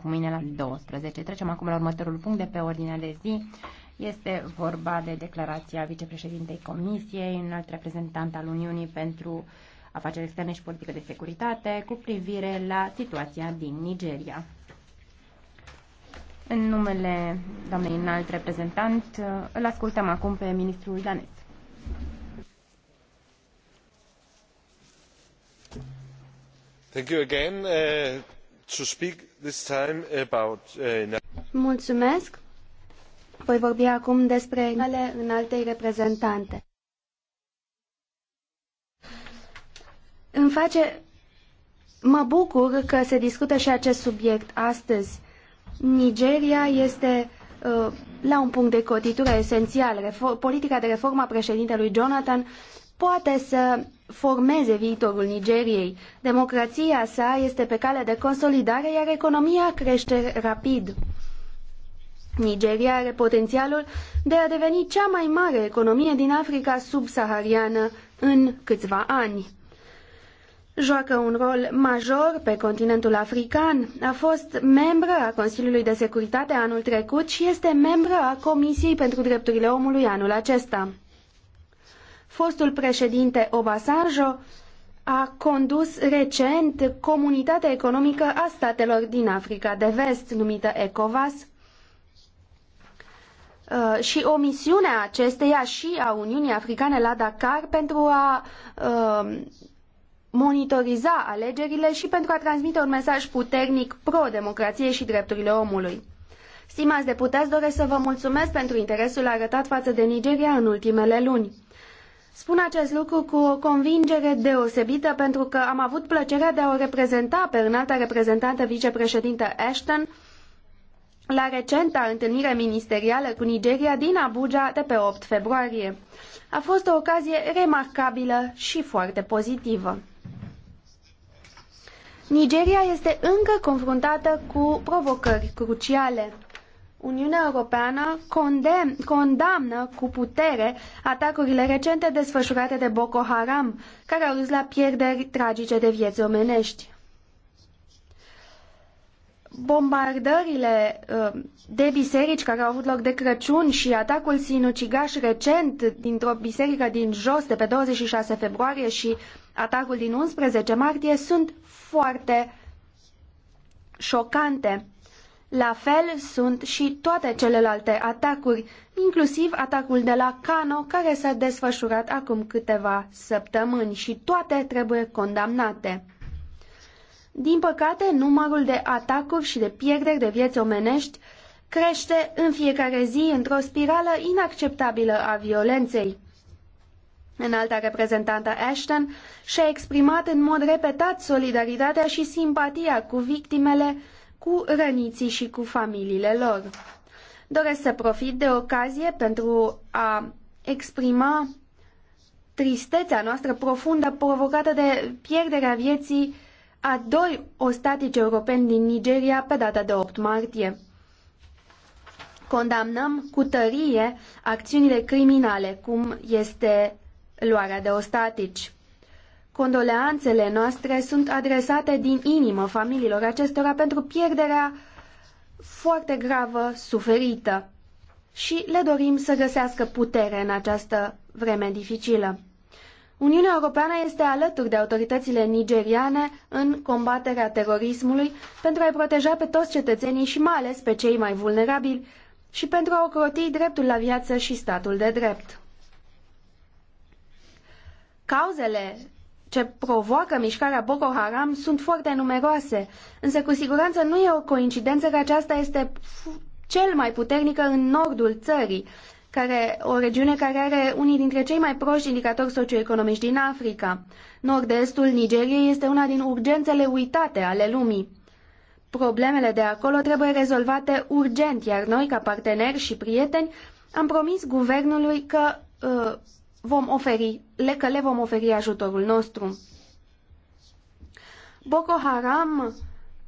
cu mine la 12. Trecem acum la următorul punct de pe ordinea de zi. Este vorba de declarația vicepreședintei Comisiei, un alt reprezentant al Uniunii pentru afaceri externe și politică de securitate, cu privire la situația din Nigeria. În numele doamnei înalt reprezentant, îl ascultăm acum pe ministrul danez. Thank you again. Uh... Uh, Mulțumesc. Voi vorbi acum despre numele înaltei reprezentante. Îmi face... Mă bucur că se discută și acest subiect astăzi. Nigeria este uh, la un punct de cotitură esențial. Refor politica de reformă a președintelui Jonathan poate să formeze viitorul Nigeriei. Democrația sa este pe cale de consolidare, iar economia crește rapid. Nigeria are potențialul de a deveni cea mai mare economie din Africa subsahariană în câțiva ani. Joacă un rol major pe continentul african, a fost membră a Consiliului de Securitate anul trecut și este membră a Comisiei pentru Drepturile Omului anul acesta. Fostul președinte Obasanjo a condus recent Comunitatea Economică a Statelor din Africa de Vest, numită ECOVAS, uh, și o misiune a acesteia și a Uniunii Africane la Dakar pentru a uh, monitoriza alegerile și pentru a transmite un mesaj puternic pro-democrație și drepturile omului. Stimați deputați, doresc să vă mulțumesc pentru interesul arătat față de Nigeria în ultimele luni. Spun acest lucru cu o convingere deosebită pentru că am avut plăcerea de a o reprezenta pe înalta reprezentantă vicepreședintă Ashton la recenta întâlnire ministerială cu Nigeria din Abuja de pe 8 februarie. A fost o ocazie remarcabilă și foarte pozitivă. Nigeria este încă confruntată cu provocări cruciale. Uniunea Europeană condemn, condamnă cu putere atacurile recente desfășurate de Boko Haram, care au dus la pierderi tragice de vieți omenești. Bombardările uh, de biserici care au avut loc de Crăciun și atacul sinucigaș recent dintr-o biserică din jos de pe 26 februarie și atacul din 11 martie sunt foarte șocante la fel sunt și toate celelalte atacuri, inclusiv atacul de la Cano, care s-a desfășurat acum câteva săptămâni și toate trebuie condamnate. Din păcate, numărul de atacuri și de pierderi de vieți omenești crește în fiecare zi într-o spirală inacceptabilă a violenței. Înalta reprezentantă Ashton și-a exprimat în mod repetat solidaritatea și simpatia cu victimele cu răniții și cu familiile lor. Doresc să profit de ocazie pentru a exprima tristețea noastră profundă provocată de pierderea vieții a doi ostatici europeni din Nigeria pe data de 8 martie. Condamnăm cu tărie acțiunile criminale, cum este luarea de ostatici. Condoleanțele noastre sunt adresate din inimă familiilor acestora pentru pierderea foarte gravă suferită și le dorim să găsească putere în această vreme dificilă. Uniunea Europeană este alături de autoritățile nigeriane în combaterea terorismului pentru a-i proteja pe toți cetățenii și mai ales pe cei mai vulnerabili și pentru a ocroti dreptul la viață și statul de drept. Cauzele ce provoacă mișcarea Boko Haram sunt foarte numeroase, însă cu siguranță nu e o coincidență că aceasta este cel mai puternică în nordul țării, care, o regiune care are unii dintre cei mai proști indicatori socioeconomici din Africa. Nord-estul Nigeriei este una din urgențele uitate ale lumii. Problemele de acolo trebuie rezolvate urgent, iar noi, ca parteneri și prieteni, am promis guvernului că uh, vom oferi, le, că le vom oferi ajutorul nostru. Boko Haram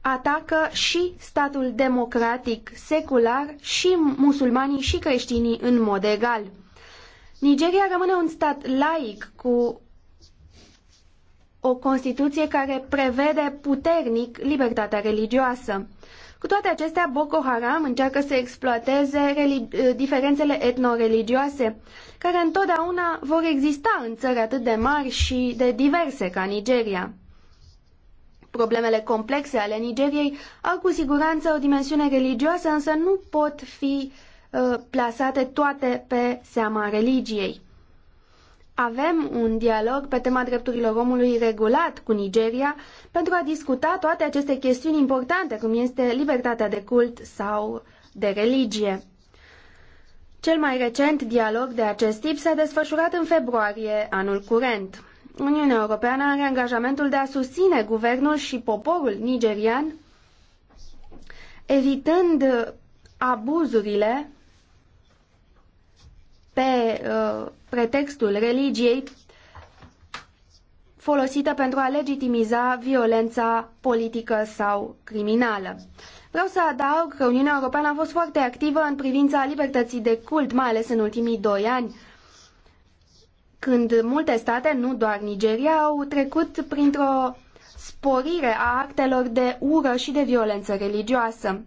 atacă și statul democratic, secular, și musulmanii și creștinii în mod egal. Nigeria rămâne un stat laic cu o Constituție care prevede puternic libertatea religioasă. Cu toate acestea, Boko Haram încearcă să exploateze eh, diferențele etnoreligioase, care întotdeauna vor exista în țări atât de mari și de diverse ca Nigeria. Problemele complexe ale Nigeriei au cu siguranță o dimensiune religioasă, însă nu pot fi uh, plasate toate pe seama religiei. Avem un dialog pe tema drepturilor omului regulat cu Nigeria pentru a discuta toate aceste chestiuni importante, cum este libertatea de cult sau de religie. Cel mai recent dialog de acest tip s-a desfășurat în februarie anul curent. Uniunea Europeană are angajamentul de a susține guvernul și poporul nigerian, evitând abuzurile pe uh, pretextul religiei folosită pentru a legitimiza violența politică sau criminală. Vreau să adaug că Uniunea Europeană a fost foarte activă în privința libertății de cult, mai ales în ultimii doi ani, când multe state, nu doar Nigeria, au trecut printr-o sporire a actelor de ură și de violență religioasă.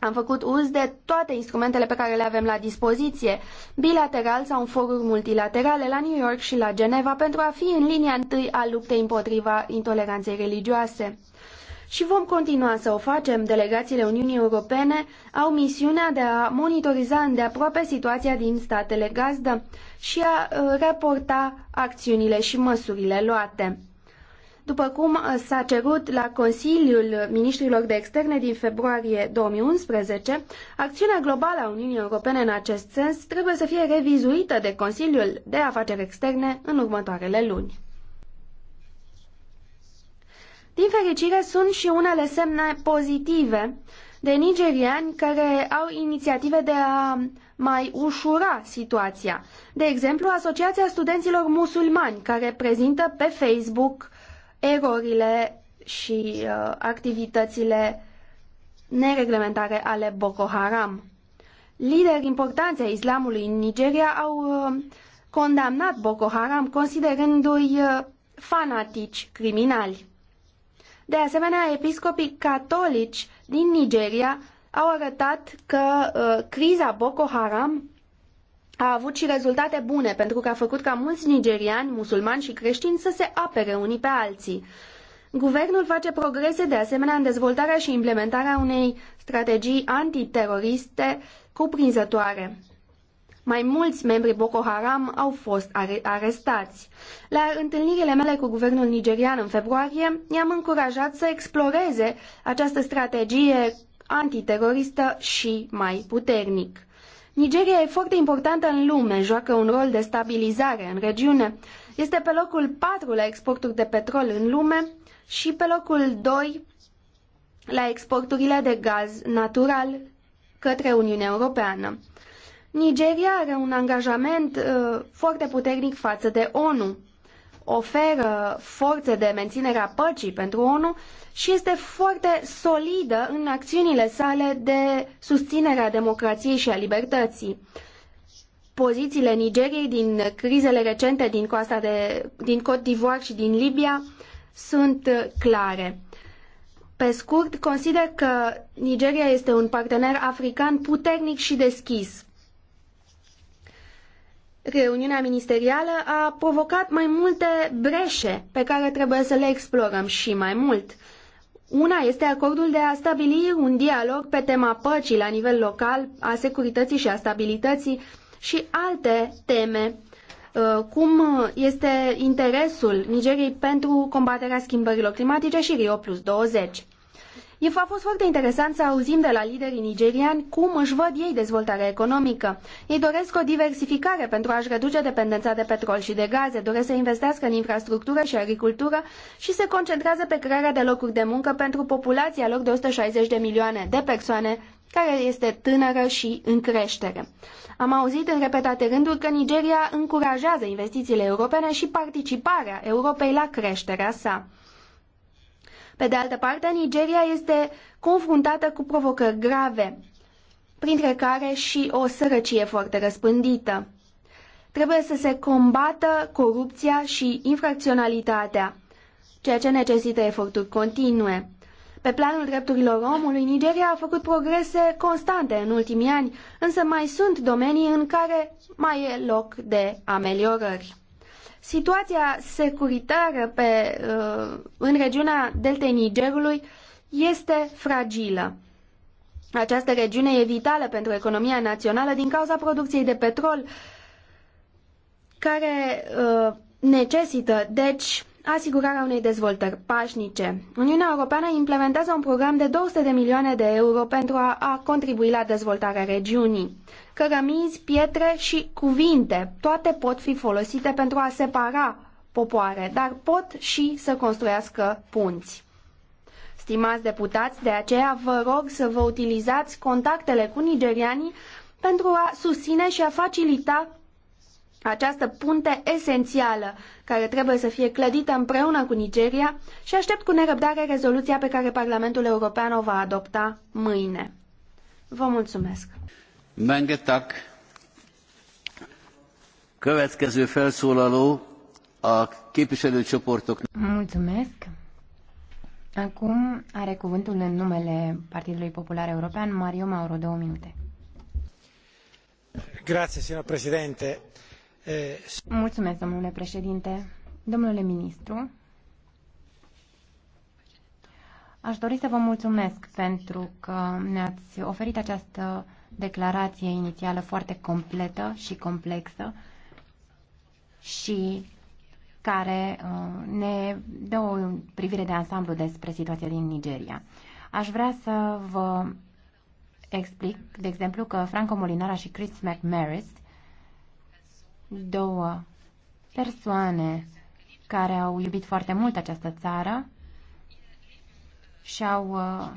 Am făcut uz de toate instrumentele pe care le avem la dispoziție, bilateral sau în foruri multilaterale, la New York și la Geneva, pentru a fi în linia întâi a luptei împotriva intoleranței religioase. Și vom continua să o facem. Delegațiile Uniunii Europene au misiunea de a monitoriza îndeaproape situația din statele gazdă și a uh, raporta acțiunile și măsurile luate. După cum uh, s-a cerut la Consiliul Ministrilor de Externe din februarie 2011, acțiunea globală a Uniunii Europene în acest sens trebuie să fie revizuită de Consiliul de Afaceri Externe în următoarele luni. Din fericire, sunt și unele semne pozitive de nigeriani care au inițiative de a mai ușura situația. De exemplu, Asociația Studenților Musulmani, care prezintă pe Facebook erorile și uh, activitățile nereglementare ale Boko Haram. Lideri importanți ai islamului în Nigeria au uh, condamnat Boko Haram considerându-i uh, fanatici criminali. De asemenea, episcopii catolici din Nigeria au arătat că uh, criza Boko Haram a avut și rezultate bune, pentru că a făcut ca mulți nigeriani, musulmani și creștini să se apere unii pe alții. Guvernul face progrese de asemenea în dezvoltarea și implementarea unei strategii antiteroriste cuprinzătoare. Mai mulți membri Boko Haram au fost are- arestați. La întâlnirile mele cu guvernul nigerian în februarie, i-am încurajat să exploreze această strategie antiteroristă și mai puternic. Nigeria e foarte importantă în lume, joacă un rol de stabilizare în regiune. Este pe locul patru la exporturi de petrol în lume și pe locul doi la exporturile de gaz natural către Uniunea Europeană. Nigeria are un angajament uh, foarte puternic față de ONU oferă forțe de menținere a păcii pentru ONU și este foarte solidă în acțiunile sale de susținere a democrației și a libertății. Pozițiile Nigeriei din crizele recente din coasta de, din Côte d'Ivoire și din Libia sunt uh, clare. Pe scurt, consider că Nigeria este un partener african puternic și deschis reuniunea ministerială a provocat mai multe breșe pe care trebuie să le explorăm și mai mult. Una este acordul de a stabili un dialog pe tema păcii la nivel local, a securității și a stabilității și alte teme, uh, cum este interesul Nigeriei pentru combaterea schimbărilor climatice și Rio Plus 20. A fost foarte interesant să auzim de la liderii nigeriani cum își văd ei dezvoltarea economică. Ei doresc o diversificare pentru a-și reduce dependența de petrol și de gaze, doresc să investească în infrastructură și agricultură și se concentrează pe crearea de locuri de muncă pentru populația lor de 160 de milioane de persoane care este tânără și în creștere. Am auzit în repetate rânduri că Nigeria încurajează investițiile europene și participarea Europei la creșterea sa. Pe de altă parte, Nigeria este confruntată cu provocări grave, printre care și o sărăcie foarte răspândită. Trebuie să se combată corupția și infracționalitatea, ceea ce necesită eforturi continue. Pe planul drepturilor omului, Nigeria a făcut progrese constante în ultimii ani, însă mai sunt domenii în care mai e loc de ameliorări. Situația securitară pe, uh, în regiunea deltei Nigerului este fragilă. Această regiune e vitală pentru economia națională din cauza producției de petrol, care uh, necesită, deci, asigurarea unei dezvoltări pașnice. Uniunea Europeană implementează un program de 200 de milioane de euro pentru a, a contribui la dezvoltarea regiunii cărămizi, pietre și cuvinte. Toate pot fi folosite pentru a separa popoare, dar pot și să construiască punți. Stimați deputați, de aceea vă rog să vă utilizați contactele cu nigerianii pentru a susține și a facilita această punte esențială care trebuie să fie clădită împreună cu Nigeria și aștept cu nerăbdare rezoluția pe care Parlamentul European o va adopta mâine. Vă mulțumesc! Mange tak. Következő felszólaló a képviselőcsoportoknak. Mulțumesc. Acum are cuvântul în numele Partidului Popular European Mario Mauro, două minute. Grazie, signor Presidente. Eh, mulțumesc, domnule președinte. Domnule ministru, aș dori să vă mulțumesc pentru că ne-ați oferit această declarație inițială foarte completă și complexă și care uh, ne dă o privire de ansamblu despre situația din Nigeria. Aș vrea să vă explic, de exemplu, că Franco Molinara și Chris McMarris, două persoane care au iubit foarte mult această țară și au uh,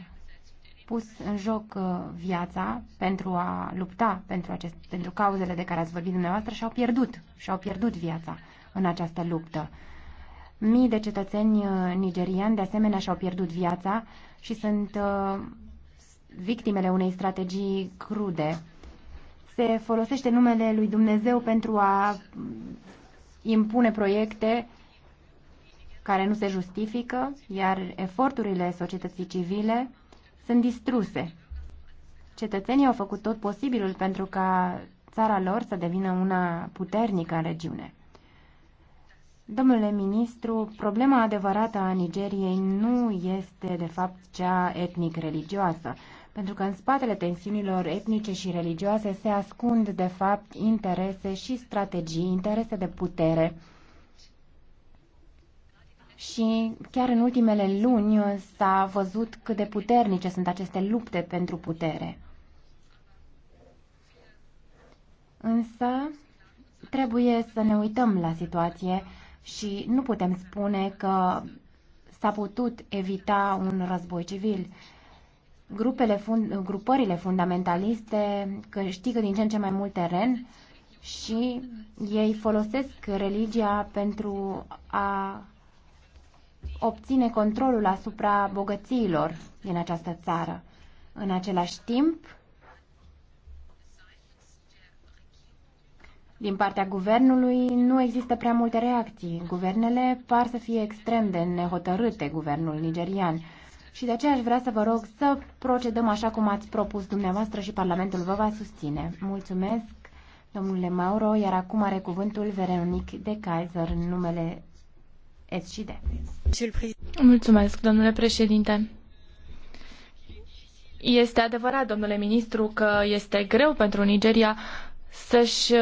pus în joc uh, viața pentru a lupta pentru, acest, pentru cauzele de care ați vorbit dumneavoastră și au pierdut, și-au pierdut viața în această luptă. Mii de cetățeni uh, nigeriani, de asemenea, și-au pierdut viața și sunt uh, victimele unei strategii crude. Se folosește numele lui Dumnezeu pentru a impune proiecte care nu se justifică, iar eforturile societății civile sunt distruse. Cetățenii au făcut tot posibilul pentru ca țara lor să devină una puternică în regiune. Domnule ministru, problema adevărată a Nigeriei nu este, de fapt, cea etnic-religioasă, pentru că în spatele tensiunilor etnice și religioase se ascund, de fapt, interese și strategii, interese de putere, și chiar în ultimele luni s-a văzut cât de puternice sunt aceste lupte pentru putere. Însă trebuie să ne uităm la situație și nu putem spune că s-a putut evita un război civil. Grupele fund, grupările fundamentaliste câștigă din ce în ce mai mult teren și ei folosesc religia pentru a obține controlul asupra bogățiilor din această țară. În același timp, Din partea guvernului nu există prea multe reacții. Guvernele par să fie extrem de nehotărâte, guvernul nigerian. Și de aceea aș vrea să vă rog să procedăm așa cum ați propus dumneavoastră și Parlamentul vă va susține. Mulțumesc, domnule Mauro, iar acum are cuvântul Veronic de Kaiser în numele S Mulțumesc, domnule președinte. Este adevărat, domnule ministru, că este greu pentru Nigeria să-și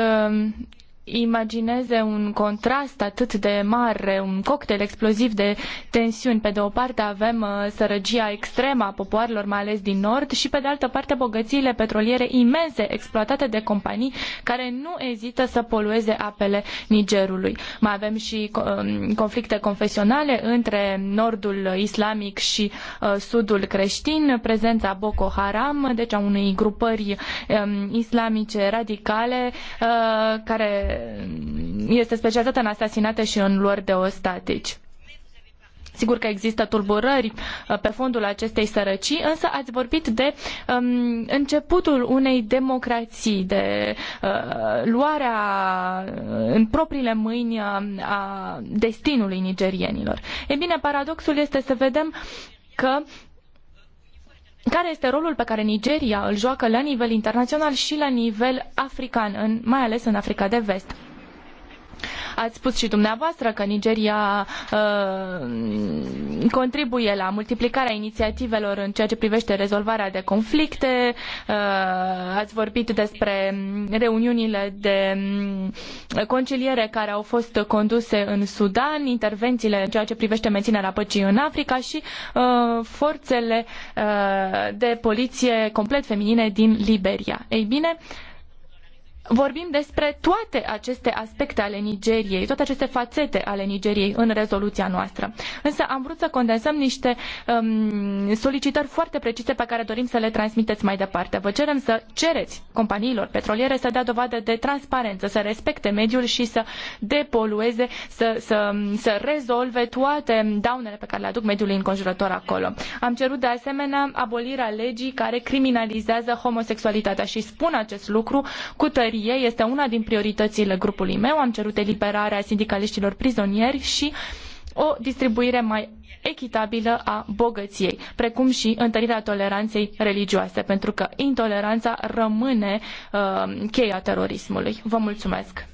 imagineze un contrast atât de mare, un cocktail exploziv de tensiuni. Pe de o parte avem uh, sărăgia extremă a popoarelor, mai ales din nord, și pe de altă parte bogățiile petroliere imense exploatate de companii care nu ezită să polueze apele Nigerului. Mai avem și um, conflicte confesionale între nordul islamic și uh, sudul creștin, prezența Boko Haram, deci a unei grupări um, islamice radicale uh, care este specializată în asasinate și în luări de ostatici. Sigur că există tulburări uh, pe fondul acestei sărăcii, însă ați vorbit de um, începutul unei democrații, de uh, luarea uh, în propriile mâini uh, a destinului nigerienilor. E bine, paradoxul este să vedem că care este rolul pe care Nigeria îl joacă la nivel internațional și la nivel african, în, mai ales în Africa de Vest. Ați spus și dumneavoastră că Nigeria uh, contribuie la multiplicarea inițiativelor în ceea ce privește rezolvarea de conflicte. Uh, ați vorbit despre reuniunile de mm, conciliere care au fost conduse în Sudan, intervențiile în ceea ce privește menținerea păcii în Africa și uh, forțele uh, de poliție complet feminine din Liberia. Ei bine, uh, Vorbim despre toate aceste aspecte ale Nigeriei, toate aceste fațete ale Nigeriei în rezoluția noastră. Însă am vrut să condensăm niște um, solicitări foarte precise pe care dorim să le transmiteți mai departe. Vă cerem să cereți companiilor petroliere să dea dovadă de transparență, să respecte mediul și să depolueze, să, să, să rezolve toate daunele pe care le aduc mediului înconjurător acolo. Am cerut de asemenea abolirea legii care criminalizează homosexualitatea și spun acest lucru cu tărie pușcărie este una din prioritățile grupului meu. Am cerut eliberarea sindicaliștilor prizonieri și o distribuire mai echitabilă a bogăției, precum și întărirea toleranței religioase, pentru că intoleranța rămâne uh, cheia terorismului. Vă mulțumesc!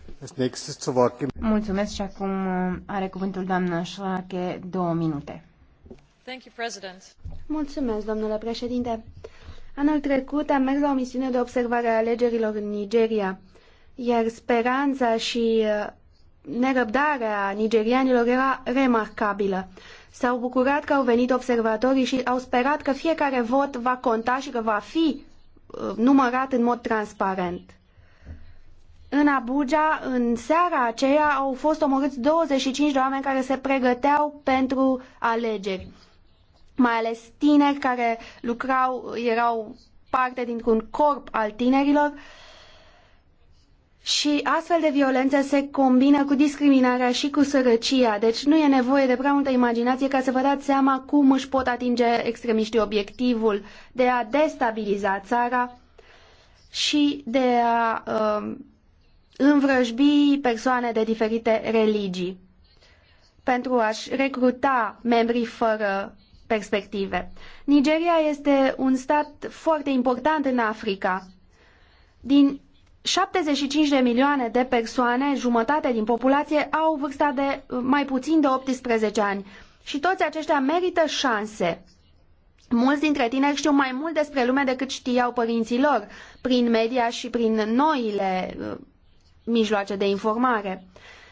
Mulțumesc și acum uh, are cuvântul doamna Șoache două minute. Mulțumesc, domnule președinte. Anul trecut am mers la o misiune de observare a alegerilor în Nigeria, iar speranța și uh, nerăbdarea nigerianilor era remarcabilă. S-au bucurat că au venit observatorii și au sperat că fiecare vot va conta și că va fi uh, numărat în mod transparent. În Abuja, în seara aceea, au fost omorâți 25 de oameni care se pregăteau pentru alegeri mai ales tineri care lucrau, erau parte dintr-un corp al tinerilor și astfel de violențe se combină cu discriminarea și cu sărăcia, deci nu e nevoie de prea multă imaginație ca să vă dați seama cum își pot atinge extremiștii obiectivul de a destabiliza țara și de a uh, învrăjbi persoane de diferite religii pentru a-și recruta membrii fără perspective. Nigeria este un stat foarte important în Africa. Din 75 de milioane de persoane, jumătate din populație, au vârsta de mai puțin de 18 ani și toți aceștia merită șanse. Mulți dintre tineri știu mai mult despre lume decât știau părinții lor, prin media și prin noile uh, mijloace de informare.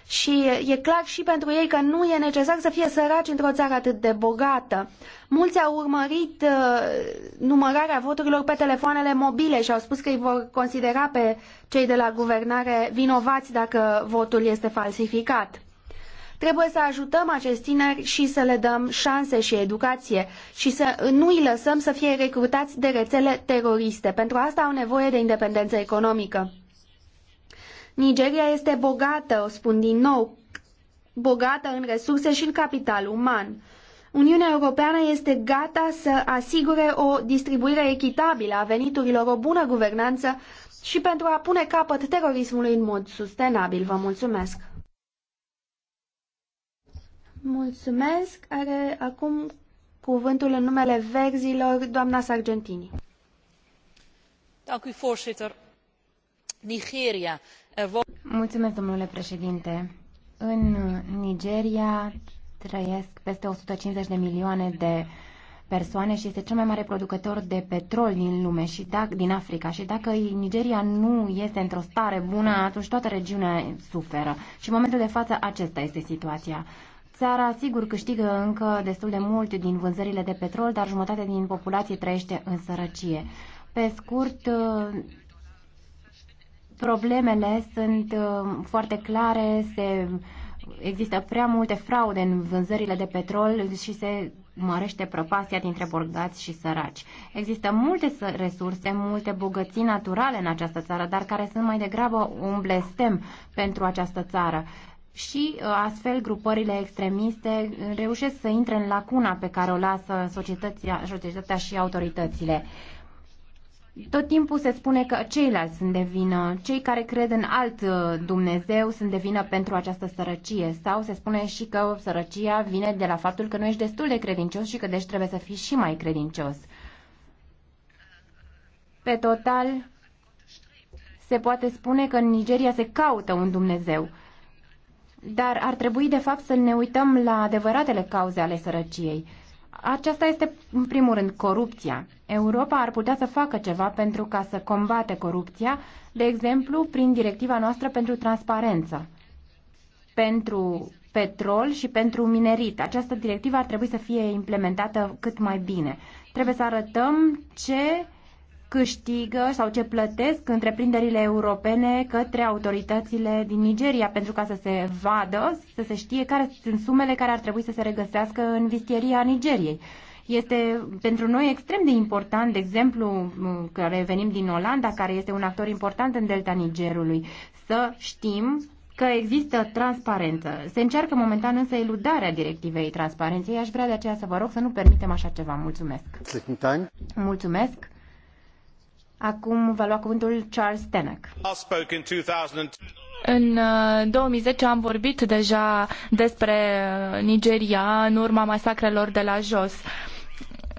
Și e clar și pentru ei că nu e necesar să fie săraci într-o țară atât de bogată. Mulți au urmărit uh, numărarea voturilor pe telefoanele mobile și au spus că îi vor considera pe cei de la guvernare vinovați dacă votul este falsificat. Trebuie să ajutăm acești tineri și să le dăm șanse și educație și să nu îi lăsăm să fie recrutați de rețele teroriste. Pentru asta au nevoie de independență economică. Nigeria este bogată, o spun din nou, bogată în resurse și în capital uman. Uniunea Europeană este gata să asigure o distribuire echitabilă a veniturilor, o bună guvernanță și pentru a pune capăt terorismului în mod sustenabil. Vă mulțumesc! Mulțumesc! Are acum cuvântul în numele verzilor doamna Sargentini. Dank u, voorzitter. Nigeria Mulțumesc, domnule președinte. În Nigeria trăiesc peste 150 de milioane de persoane și este cel mai mare producător de petrol din lume și dacă, din Africa și dacă Nigeria nu este într-o stare bună, atunci toată regiunea suferă. Și în momentul de față acesta este situația. Țara, sigur, câștigă încă destul de mult din vânzările de petrol, dar jumătate din populație trăiește în sărăcie. Pe scurt, problemele sunt uh, foarte clare, se, există prea multe fraude în vânzările de petrol și se mărește propasia dintre bogați și săraci. Există multe resurse, multe bogății naturale în această țară, dar care sunt mai degrabă un blestem pentru această țară. Și uh, astfel grupările extremiste uh, reușesc să intre în lacuna pe care o lasă societatea, societatea și autoritățile. Tot timpul se spune că ceilalți sunt de vină, cei care cred în alt uh, Dumnezeu sunt de vină pentru această sărăcie sau se spune și că sărăcia vine de la faptul că nu ești destul de credincios și că deci trebuie să fii și mai credincios. Pe total, se poate spune că în Nigeria se caută un Dumnezeu, dar ar trebui de fapt să ne uităm la adevăratele cauze ale sărăciei. Aceasta este, în primul rând, corupția Europa ar putea să facă ceva pentru ca să combate corupția, de exemplu, prin directiva noastră pentru transparență, pentru petrol și pentru minerit. Această directivă ar trebui să fie implementată cât mai bine. Trebuie să arătăm ce câștigă sau ce plătesc întreprinderile europene către autoritățile din Nigeria pentru ca să se vadă, să se știe care sunt sumele care ar trebui să se regăsească în vistieria Nigeriei. Este pentru noi extrem de important, de exemplu, care venim din Olanda, care este un actor important în delta Nigerului, să știm că există transparență. Se încearcă momentan însă eludarea directivei transparenței. Aș vrea de aceea să vă rog să nu permitem așa ceva. Mulțumesc. Mulțumesc. Acum va lua cuvântul Charles Tenek. În 2010 uh, am vorbit deja despre Nigeria în urma masacrelor de la jos. Uh,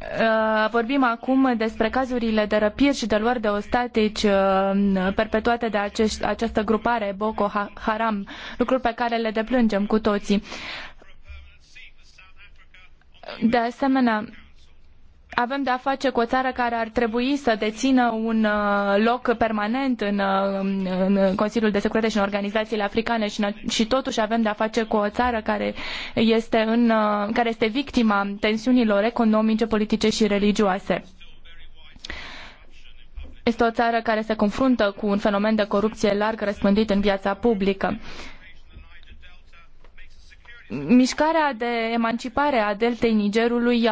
Uh, vorbim acum despre cazurile de răpiri și de luări de ostatici uh, perpetuate de acești, această grupare Boko Haram, lucruri pe care le deplângem cu toții. De asemenea, avem de a face cu o țară care ar trebui să dețină un uh, loc permanent uh, în, în Consiliul de Securitate și în organizațiile africane și, și totuși avem de a face cu o țară care este, în, uh, care este victima tensiunilor economice, politice și religioase. Este o țară care se confruntă cu un fenomen de corupție larg răspândit în viața publică. Uh, Mișcarea de emancipare a deltei Nigerului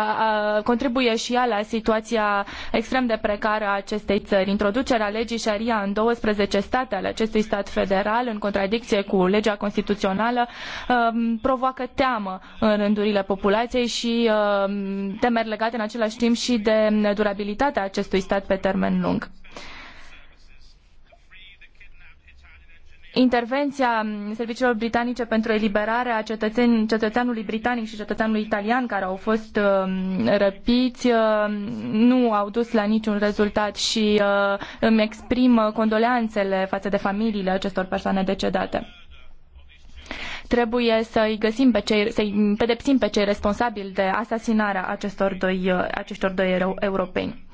contribuie și ea la situația extrem de precară a acestei țări. Introducerea legii Sharia în 12 state ale acestui stat federal, în contradicție cu legea constituțională, um, provoacă teamă în rândurile populației și um, temeri legate în același timp și de durabilitatea acestui stat pe termen lung. intervenția serviciilor britanice pentru eliberarea cetățen, cetățeanului britanic și cetățeanului italian care au fost um, uh, răpiți nu au dus la niciun rezultat și uh, îmi exprim uh, condoleanțele față de familiile acestor persoane decedate trebuie să-i găsim pe cei, să-i pedepsim pe cei responsabili de asasinarea acestor doi, uh, acestor doi europeni.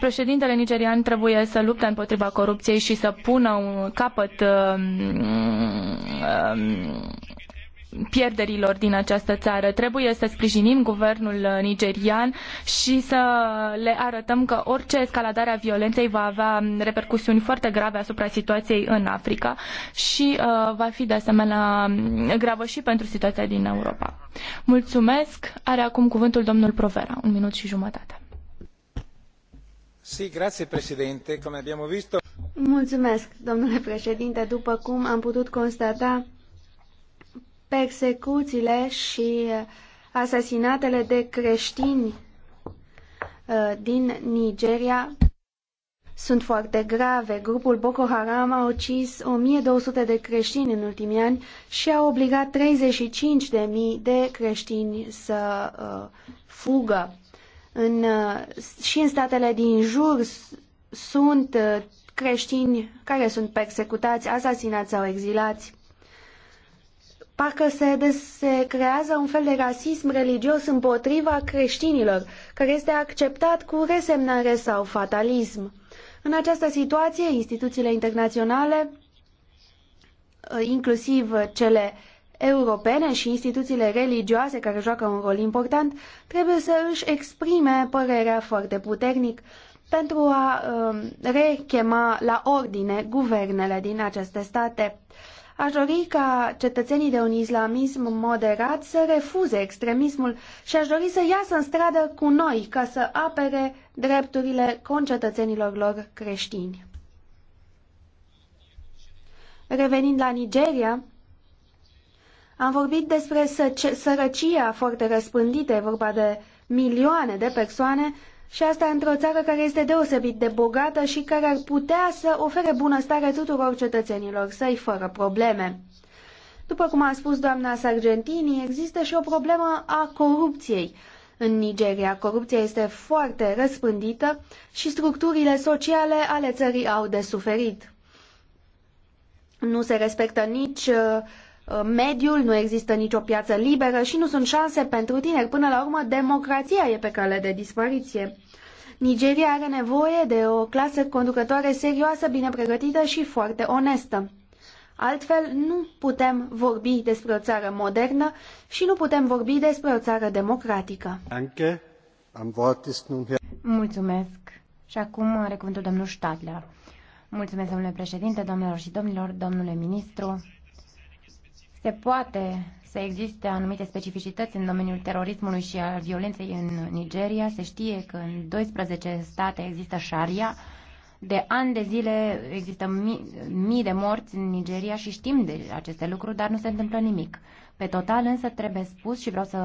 Președintele nigerian trebuie să lupte împotriva corupției și să pună un capăt um, um, pierderilor din această țară. Trebuie să sprijinim guvernul nigerian și să le arătăm că orice escaladare a violenței va avea repercusiuni foarte grave asupra situației în Africa și uh, va fi de asemenea um, gravă și pentru situația din Europa. Mulțumesc. Are acum cuvântul domnul Provera. Un minut și jumătate. Mulțumesc, domnule președinte. După cum am putut constata, persecuțiile și asasinatele de creștini uh, din Nigeria sunt foarte grave. Grupul Boko Haram a ucis 1200 de creștini în ultimii ani și a obligat 35.000 de creștini să uh, fugă în, uh, și în statele din jur sunt uh, creștini care sunt persecutați, asasinați sau exilați. Parcă se, se creează un fel de rasism religios împotriva creștinilor, care este acceptat cu resemnare sau fatalism. În această situație, instituțiile internaționale, uh, inclusiv cele europene și instituțiile religioase care joacă un rol important trebuie să își exprime părerea foarte puternic pentru a um, rechema la ordine guvernele din aceste state. Aș dori ca cetățenii de un islamism moderat să refuze extremismul și aș dori să iasă în stradă cu noi ca să apere drepturile concetățenilor lor creștini. Revenind la Nigeria, am vorbit despre sărăcia foarte răspândită, e vorba de milioane de persoane și asta într-o țară care este deosebit de bogată și care ar putea să ofere bunăstare tuturor cetățenilor săi fără probleme. După cum a spus doamna Sargentini, există și o problemă a corupției. În Nigeria, corupția este foarte răspândită și structurile sociale ale țării au de suferit. Nu se respectă nici uh, Uh, mediul, nu există nicio piață liberă și nu sunt șanse pentru tineri. Până la urmă, democrația e pe cale de dispariție. Nigeria are nevoie de o clasă conducătoare serioasă, bine pregătită și foarte onestă. Altfel, nu putem vorbi despre o țară modernă și nu putem vorbi despre o țară democratică. Am Mulțumesc. Și acum are cuvântul domnul Stadler. Mulțumesc, domnule președinte, domnilor și domnilor, domnule ministru. Se poate să existe anumite specificități în domeniul terorismului și al violenței în Nigeria. Se știe că în 12 state există șaria. De ani de zile există mii, mii de morți în Nigeria și știm de aceste lucruri, dar nu se întâmplă nimic. Pe total însă trebuie spus și vreau să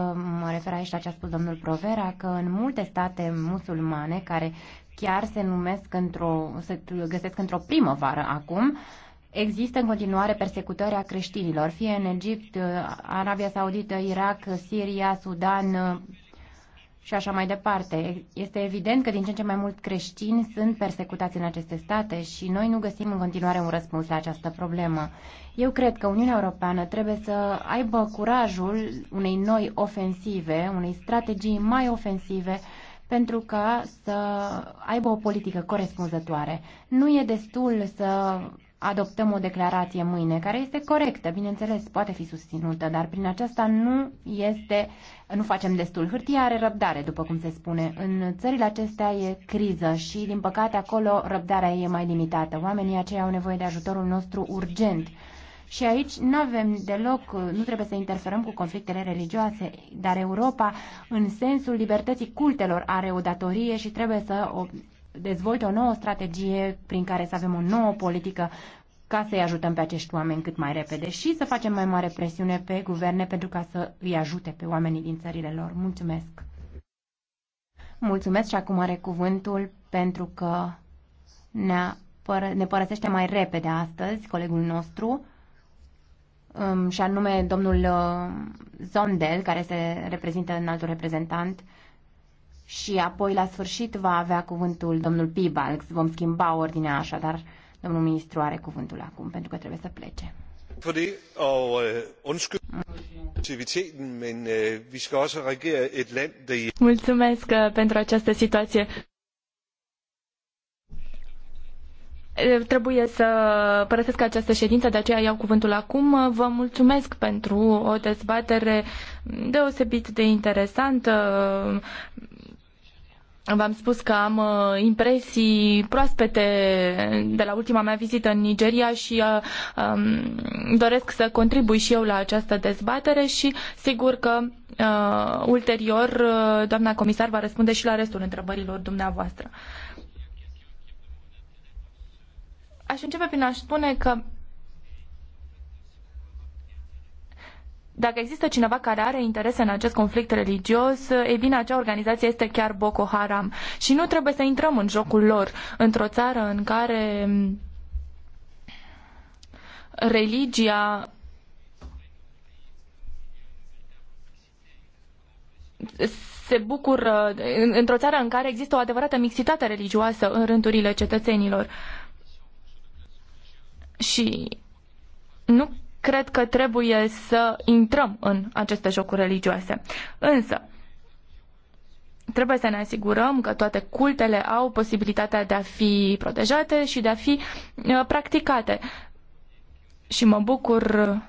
mă refer aici la ce a spus domnul Provera, că în multe state musulmane care chiar se numesc într-o, se găsesc într-o primăvară acum, uh, Există în continuare persecutarea creștinilor, fie în Egipt, uh, Arabia Saudită, Irak, Siria, Sudan uh, și așa mai departe. Este evident că din ce în ce mai mult creștini sunt persecutați în aceste state și noi nu găsim în continuare un răspuns la această problemă. Eu cred că Uniunea Europeană trebuie să aibă curajul unei noi ofensive, unei strategii mai ofensive pentru ca să aibă o politică corespunzătoare. Nu e destul să adoptăm o declarație mâine, care este corectă, bineînțeles, poate fi susținută, dar prin aceasta nu este, nu facem destul. Hârtia are răbdare, după cum se spune. În țările acestea e criză și, din păcate, acolo răbdarea e mai limitată. Oamenii aceia au nevoie de ajutorul nostru urgent. Și aici nu avem deloc, nu trebuie să interferăm cu conflictele religioase, dar Europa, în sensul libertății cultelor, are o datorie și trebuie să o dezvolte o nouă strategie prin care să avem o nouă politică ca să-i ajutăm pe acești oameni cât mai repede și să facem mai mare presiune pe guverne pentru ca să îi ajute pe oamenii din țările lor. Mulțumesc! Mulțumesc și acum are cuvântul pentru că ne păr- ne părăsește mai repede astăzi colegul nostru um, și anume domnul uh, Zondel, care se reprezintă în altul reprezentant și apoi la sfârșit va avea cuvântul domnul Pibalx. Vom schimba ordinea dar Domnul ministru are cuvântul acum pentru că trebuie să plece. Øh, mulțumesc pentru această situație. Uh, trebuie să părăsesc această ședință, de aceea iau cuvântul acum. Uh, vă mulțumesc pentru o dezbatere deosebit de interesantă V-am spus că am uh, impresii proaspete de la ultima mea vizită în Nigeria și uh, um, doresc să contribui și eu la această dezbatere și sigur că uh, ulterior uh, doamna comisar va răspunde și la restul întrebărilor dumneavoastră. Aș începe prin a spune că Dacă există cineva care are interese în acest conflict religios, e bine, acea organizație este chiar Boko Haram. Și nu trebuie să intrăm în jocul lor, într-o țară în care mm, religia se bucură într-o țară în care există o adevărată mixitate religioasă în rândurile cetățenilor. Și nu cred că trebuie să intrăm în aceste jocuri religioase. Însă, trebuie să ne asigurăm că toate cultele au posibilitatea de a fi protejate și de a fi uh, practicate. Și mă bucur uh,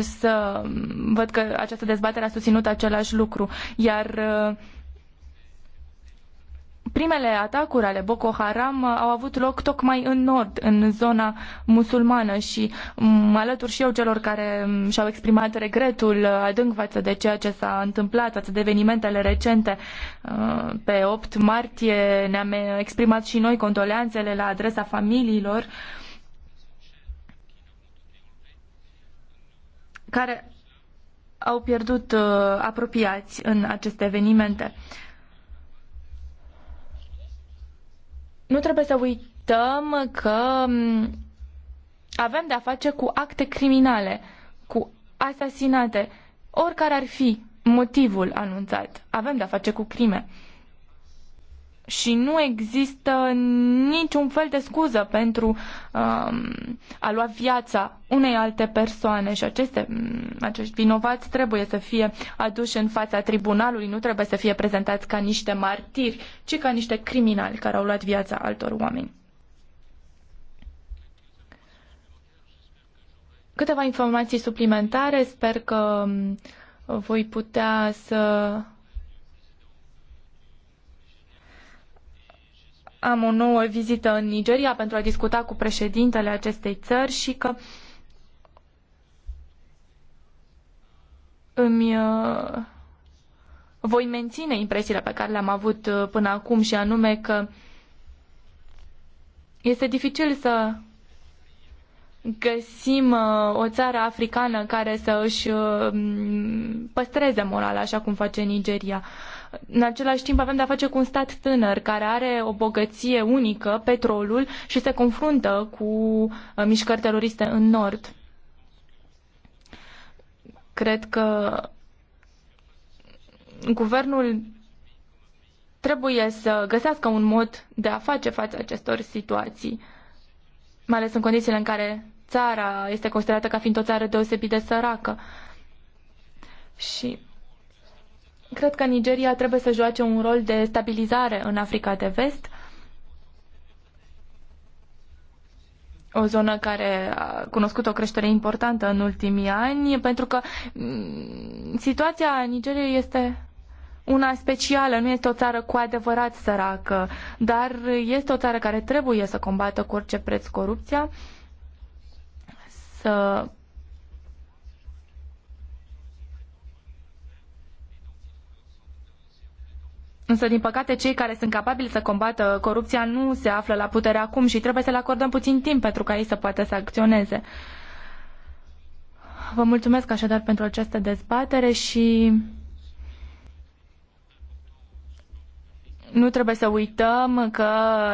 să văd că această dezbatere a susținut același lucru. Iar uh, Primele atacuri ale Boko Haram uh, au avut loc tocmai în nord, în zona musulmană și mm, mă alătur și eu celor care mm, și-au exprimat regretul uh, adânc față de ceea ce s-a întâmplat, față de evenimentele recente. Uh, pe 8 martie ne-am exprimat și noi condoleanțele la adresa familiilor care au pierdut apropiați în aceste evenimente. nu trebuie să uităm că mm, avem de-a face cu acte criminale, cu asasinate, oricare ar fi motivul anunțat. Avem de-a face cu crime și nu există niciun fel de scuză pentru um, a lua viața unei alte persoane și aceste, acești vinovați trebuie să fie aduși în fața tribunalului, nu trebuie să fie prezentați ca niște martiri, ci ca niște criminali care au luat viața altor oameni. Câteva informații suplimentare, sper că voi putea să am o nouă vizită în Nigeria pentru a discuta cu președintele acestei țări și că îmi uh, voi menține impresiile pe care le-am avut uh, până acum și anume că este dificil să găsim uh, o țară africană care să își păstreze morala așa cum face Nigeria în același timp avem de-a face cu un stat tânăr care are o bogăție unică, petrolul, și se confruntă cu uh, mișcări teroriste în nord. Cred că guvernul trebuie să găsească un mod de a face față acestor situații, mai ales în condițiile în care țara este considerată ca fiind o țară deosebit de săracă. Și Cred că Nigeria trebuie să joace un rol de stabilizare în Africa de Vest, o zonă care a cunoscut o creștere importantă în ultimii ani, pentru că mm, situația Nigeriei este una specială, nu este o țară cu adevărat săracă, dar este o țară care trebuie să combată cu orice preț corupția, să Însă, din păcate, cei care sunt capabili să combată corupția nu se află la putere acum și trebuie să le acordăm puțin timp pentru ca ei să poată să acționeze. Vă mulțumesc așadar pentru această dezbatere și nu trebuie să uităm că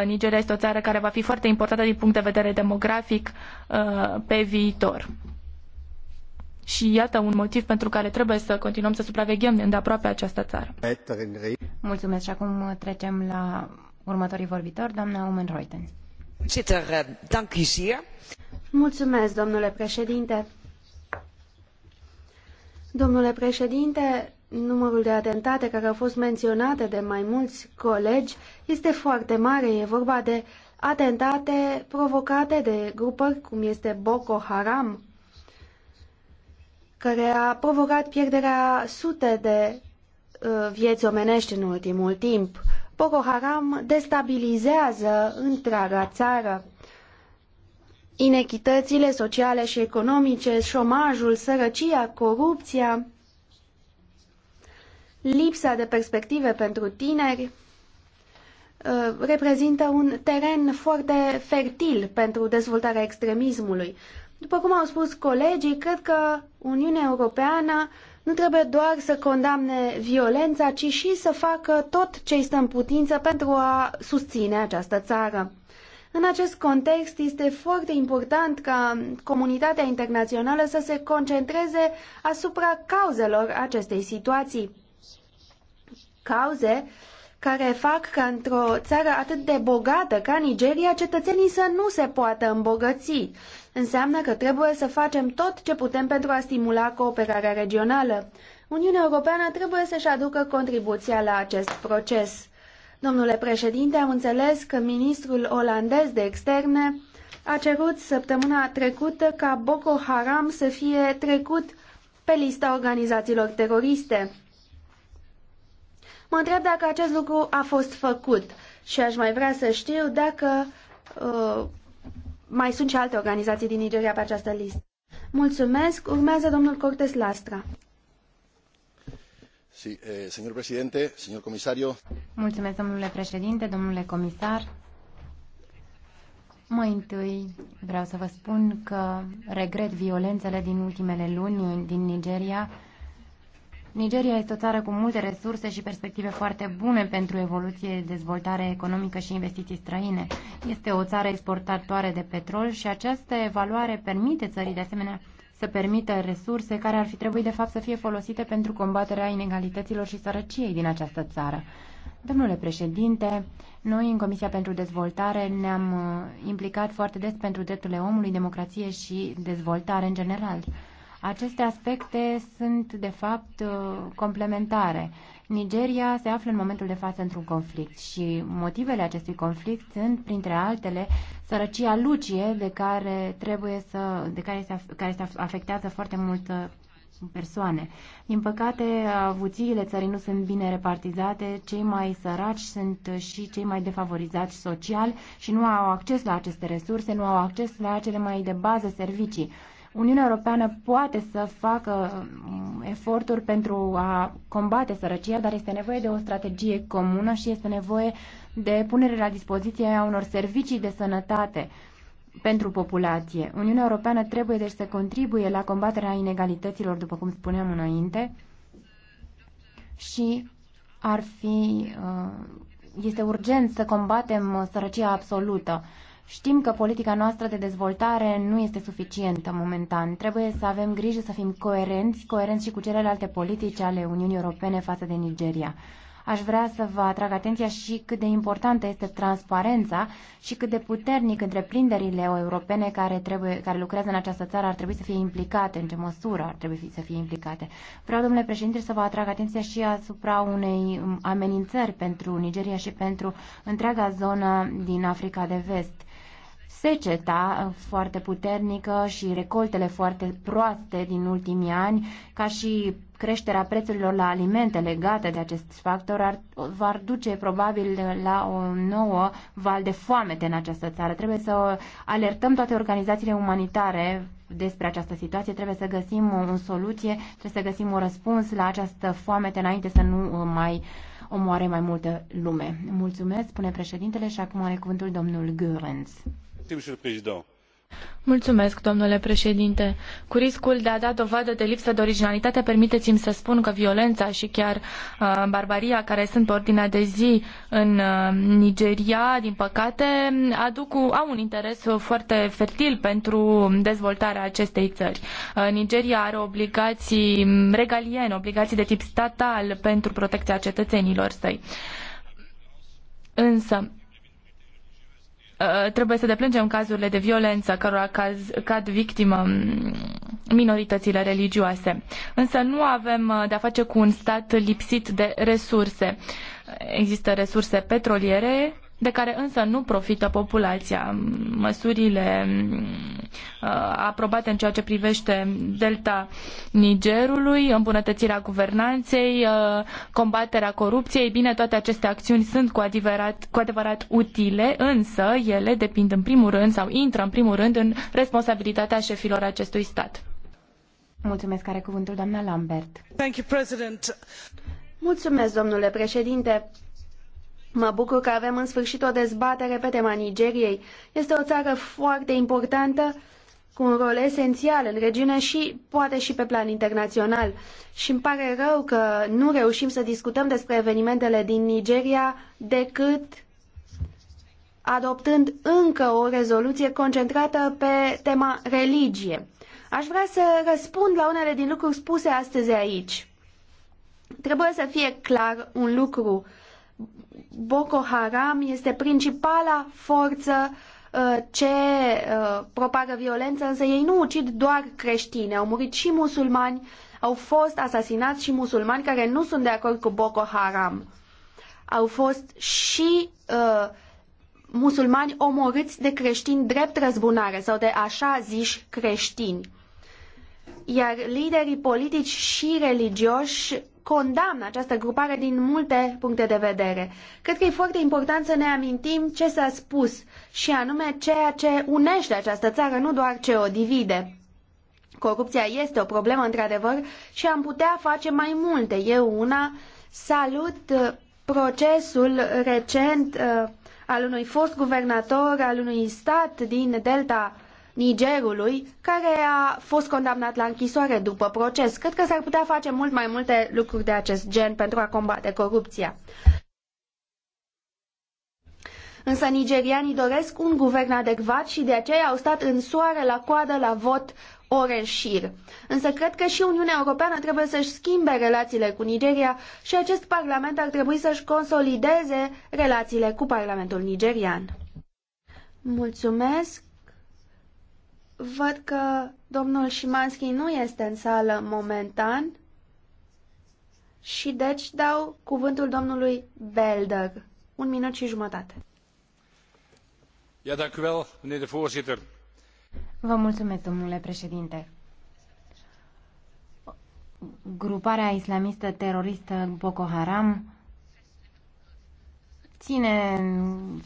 Nigeria este o țară care va fi foarte importantă din punct de vedere demografic uh, pe viitor. Și iată un motiv pentru care trebuie să continuăm să supraveghem de aproape această țară. Mulțumesc și acum trecem la următorii vorbitori, doamna Omen Reuten. Mulțumesc, domnule președinte. Domnule președinte, numărul de atentate care au fost menționate de mai mulți colegi este foarte mare. E vorba de atentate provocate de grupări cum este Boko Haram, care a provocat pierderea sute de uh, vieți omenești în ultimul timp. Boko Haram destabilizează întreaga țară. Inechitățile sociale și economice, șomajul, sărăcia, corupția, lipsa de perspective pentru tineri uh, reprezintă un teren foarte fertil pentru dezvoltarea extremismului. După cum au spus colegii, cred că Uniunea Europeană nu trebuie doar să condamne violența, ci și să facă tot ce este în putință pentru a susține această țară. În acest context, este foarte important ca comunitatea internațională să se concentreze asupra cauzelor acestei situații. Cauze care fac ca într-o țară atât de bogată ca Nigeria, cetățenii să nu se poată îmbogăți. Înseamnă că trebuie să facem tot ce putem pentru a stimula cooperarea regională. Uniunea Europeană trebuie să-și aducă contribuția la acest proces. Domnule președinte, am înțeles că ministrul olandez de externe a cerut săptămâna trecută ca Boko Haram să fie trecut pe lista organizațiilor teroriste. Mă întreb dacă acest lucru a fost făcut și aș mai vrea să știu dacă uh, mai sunt și alte organizații din Nigeria pe această listă. Mulțumesc. Urmează domnul Cortes Lastra. Sí, eh, señor presidente, señor comisario. Mulțumesc, domnule președinte, domnule comisar. Mai întâi vreau să vă spun că regret violențele din ultimele luni din Nigeria Nigeria este o țară cu multe resurse și perspective foarte bune pentru evoluție, dezvoltare economică și investiții străine. Este o țară exportatoare de petrol și această evaluare permite țării de asemenea să permită resurse care ar fi trebuit de fapt să fie folosite pentru combaterea inegalităților și sărăciei din această țară. Domnule președinte, noi în Comisia pentru Dezvoltare ne-am uh, implicat foarte des pentru drepturile omului, democrație și dezvoltare în general. Aceste aspecte sunt, de fapt, uh, complementare. Nigeria se află în momentul de față într-un conflict și motivele acestui conflict sunt, printre altele, sărăcia lucie de care trebuie să, de care se, care se afectează foarte mult persoane. Din păcate, avuțiile țării nu sunt bine repartizate, cei mai săraci sunt și cei mai defavorizați social și nu au acces la aceste resurse, nu au acces la cele mai de bază servicii. Uniunea Europeană poate să facă um, eforturi pentru a combate sărăcia, dar este nevoie de o strategie comună și este nevoie de punere la dispoziție a unor servicii de sănătate pentru populație. Uniunea Europeană trebuie deci să contribuie la combaterea inegalităților, după cum spuneam înainte, și ar fi, uh, este urgent să combatem sărăcia absolută. Știm că politica noastră de dezvoltare nu este suficientă momentan. Trebuie să avem grijă să fim coerenți, coerenți și cu celelalte politici ale Uniunii Europene față de Nigeria. Aș vrea să vă atrag atenția și cât de importantă este transparența și cât de puternic întreprinderile europene care, trebuie, care lucrează în această țară ar trebui să fie implicate, în ce măsură ar trebui să fie implicate. Vreau, domnule președinte, să vă atrag atenția și asupra unei amenințări pentru Nigeria și pentru întreaga zonă din Africa de Vest seceta uh, foarte puternică și recoltele foarte proaste din ultimii ani, ca și creșterea prețurilor la alimente legate de acest factor ar, va duce probabil la o nouă val de foamete în această țară. Trebuie să alertăm toate organizațiile umanitare despre această situație, trebuie să găsim o, o soluție, trebuie să găsim un răspuns la această foamete înainte să nu uh, mai omoare mai multă lume. Mulțumesc, spune președintele și acum are cuvântul domnul Görens. Mulțumesc, domnule președinte. Cu riscul de a da dovadă de lipsă de originalitate, permitei mi să spun că violența și chiar uh, barbaria care sunt pe ordinea de zi în uh, Nigeria, din păcate, aduc, au un interes foarte fertil pentru dezvoltarea acestei țări. Uh, Nigeria are obligații regaliene, obligații de tip statal pentru protecția cetățenilor săi. Însă, Uh, trebuie să deplângem cazurile de violență cărora caz, cad victimă minoritățile religioase. Însă nu avem uh, de-a face cu un stat lipsit de resurse. Există resurse petroliere de care însă nu profită populația. Măsurile uh, aprobate în ceea ce privește delta Nigerului, îmbunătățirea guvernanței, uh, combaterea corupției, bine, toate aceste acțiuni sunt cu adevărat, cu adevărat utile, însă ele depind în primul rând sau intră în primul rând în responsabilitatea șefilor acestui stat. Mulțumesc, are cuvântul doamna Lambert. Mulțumesc, domnule președinte. Mă bucur că avem în sfârșit o dezbatere pe tema Nigeriei. Este o țară foarte importantă, cu un rol esențial în regiune și poate și pe plan internațional. Și îmi pare rău că nu reușim să discutăm despre evenimentele din Nigeria decât adoptând încă o rezoluție concentrată pe tema religie. Aș vrea să răspund la unele din lucruri spuse astăzi aici. Trebuie să fie clar un lucru. Uh, Boko Haram este principala forță uh, ce uh, propagă violență, însă ei nu ucid doar creștini, au murit și musulmani, au fost asasinați și musulmani care nu sunt de acord cu Boko Haram. Au fost și uh, musulmani omorâți de creștini drept răzbunare sau de așa ziși creștini. Iar liderii politici și religioși condamn această grupare din multe puncte de vedere. Cred că e foarte important să ne amintim ce s-a spus și anume ceea ce unește această țară, nu doar ce o divide. Corupția este o problemă, într-adevăr, și am putea face mai multe. Eu una salut uh, procesul recent uh, al unui fost guvernator al unui stat din delta Nigerului, care a fost condamnat la închisoare după proces. Cred că s-ar putea face mult mai multe lucruri de acest gen pentru a combate corupția. Însă nigerianii doresc un guvern adecvat și de aceea au stat în soare la coadă la vot ore în șir. Însă cred că și Uniunea Europeană trebuie să-și schimbe relațiile cu Nigeria și acest parlament ar trebui să-și consolideze relațiile cu Parlamentul nigerian. Mulțumesc! Văd că domnul Șimanski nu este în sală momentan și deci dau cuvântul domnului Belder. Un minut și jumătate. Ja, dank u wel, meneer de voorzitter. Vă mulțumesc, domnule președinte. Gruparea islamistă teroristă Boko Haram ține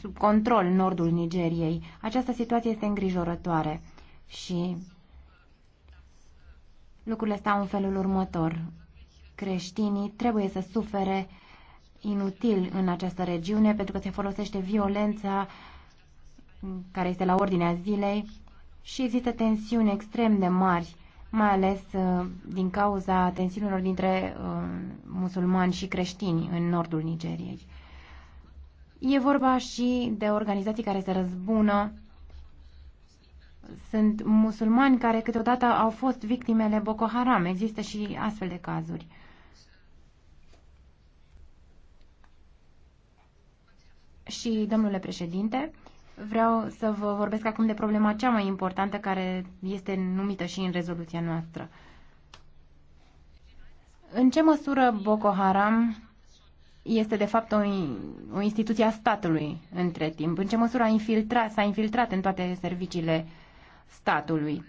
sub control nordul Nigeriei. Această situație este îngrijorătoare. Și lucrurile stau în felul următor. Creștinii trebuie să sufere inutil în această regiune pentru că se folosește violența care este la ordinea zilei și există tensiuni extrem de mari, mai ales uh, din cauza tensiunilor dintre uh, musulmani și creștini în nordul Nigeriei. E vorba și de organizații care se răzbună sunt musulmani care câteodată au fost victimele Boko Haram. Există și astfel de cazuri. Și, domnule președinte, vreau să vă vorbesc acum de problema cea mai importantă care este numită și în rezoluția noastră. În ce măsură Boko Haram este de fapt o, o instituție a statului între timp? În ce măsură a infiltrat, s-a infiltrat în toate serviciile uh, statului?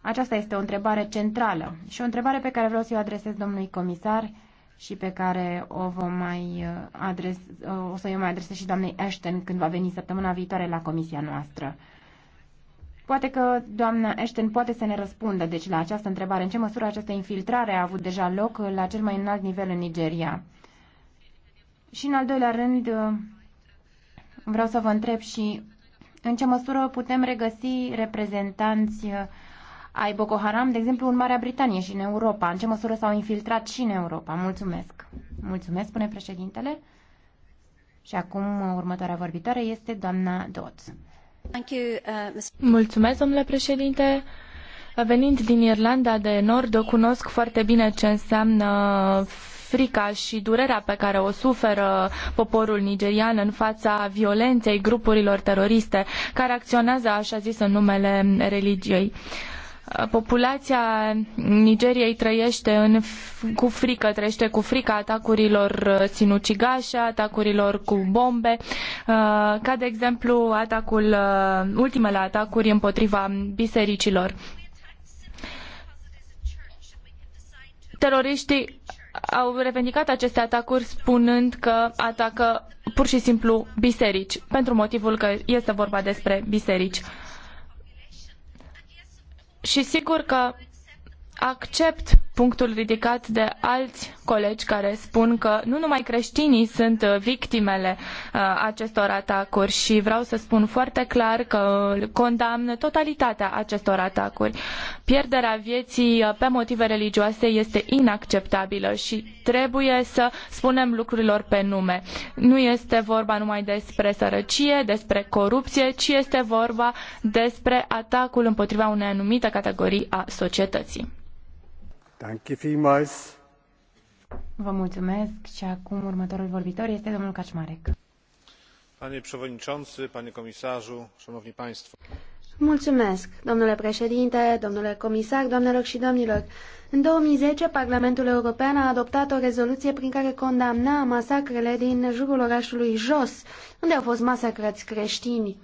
Aceasta este o întrebare centrală și o întrebare pe care vreau să o adresez domnului comisar și pe care o vom mai uh, adres, uh, o să o mai adresez și doamnei Ashton când va veni săptămâna viitoare la comisia noastră. Poate că doamna Ashton poate să ne răspundă deci la această întrebare. În ce măsură această infiltrare a avut deja loc la cel mai înalt nivel în Nigeria? Și în al doilea rând, uh, vreau să vă întreb și în ce măsură putem regăsi reprezentanți uh, ai Boko Haram, de exemplu, în Marea Britanie și în Europa? În ce măsură s-au infiltrat și în Europa? Mulțumesc! Mulțumesc, spune președintele. Și acum uh, următoarea vorbitoare este doamna Dodds. Uh, Mulțumesc, domnule președinte. Venind din Irlanda de Nord, o cunosc foarte bine ce înseamnă frica și durerea pe care o suferă poporul nigerian în fața violenței grupurilor teroriste care acționează, așa zis, în numele religiei. Populația Nigeriei trăiește în, cu frică, trăiește cu frica atacurilor sinucigașe, atacurilor cu bombe, uh, ca de exemplu atacul, uh, ultimele atacuri împotriva bisericilor. Teroriștii au revendicat aceste atacuri spunând că atacă pur și simplu biserici, pentru motivul că este vorba despre biserici. Și sigur că accept punctul ridicat de alți colegi care spun că nu numai creștinii sunt uh, victimele uh, acestor atacuri și vreau să spun foarte clar că uh, condamn totalitatea acestor atacuri. Pierderea vieții pe motive religioase este inacceptabilă și trebuie să spunem lucrurilor pe nume. Nu este vorba numai despre sărăcie, despre corupție, ci este vorba despre atacul împotriva unei anumite categorii a societății. Danke vielmals. Vă mulțumesc și acum următorul vorbitor este domnul Kaczmarek. Panie przewodniczący, panie komisarzu, szanowni państwo. Mulțumesc, domnule președinte, domnule comisar, doamnelor și domnilor. În 2010, Parlamentul European a adoptat o rezoluție prin care condamna masacrele din jurul orașului Jos, unde au fost masacrați creștini.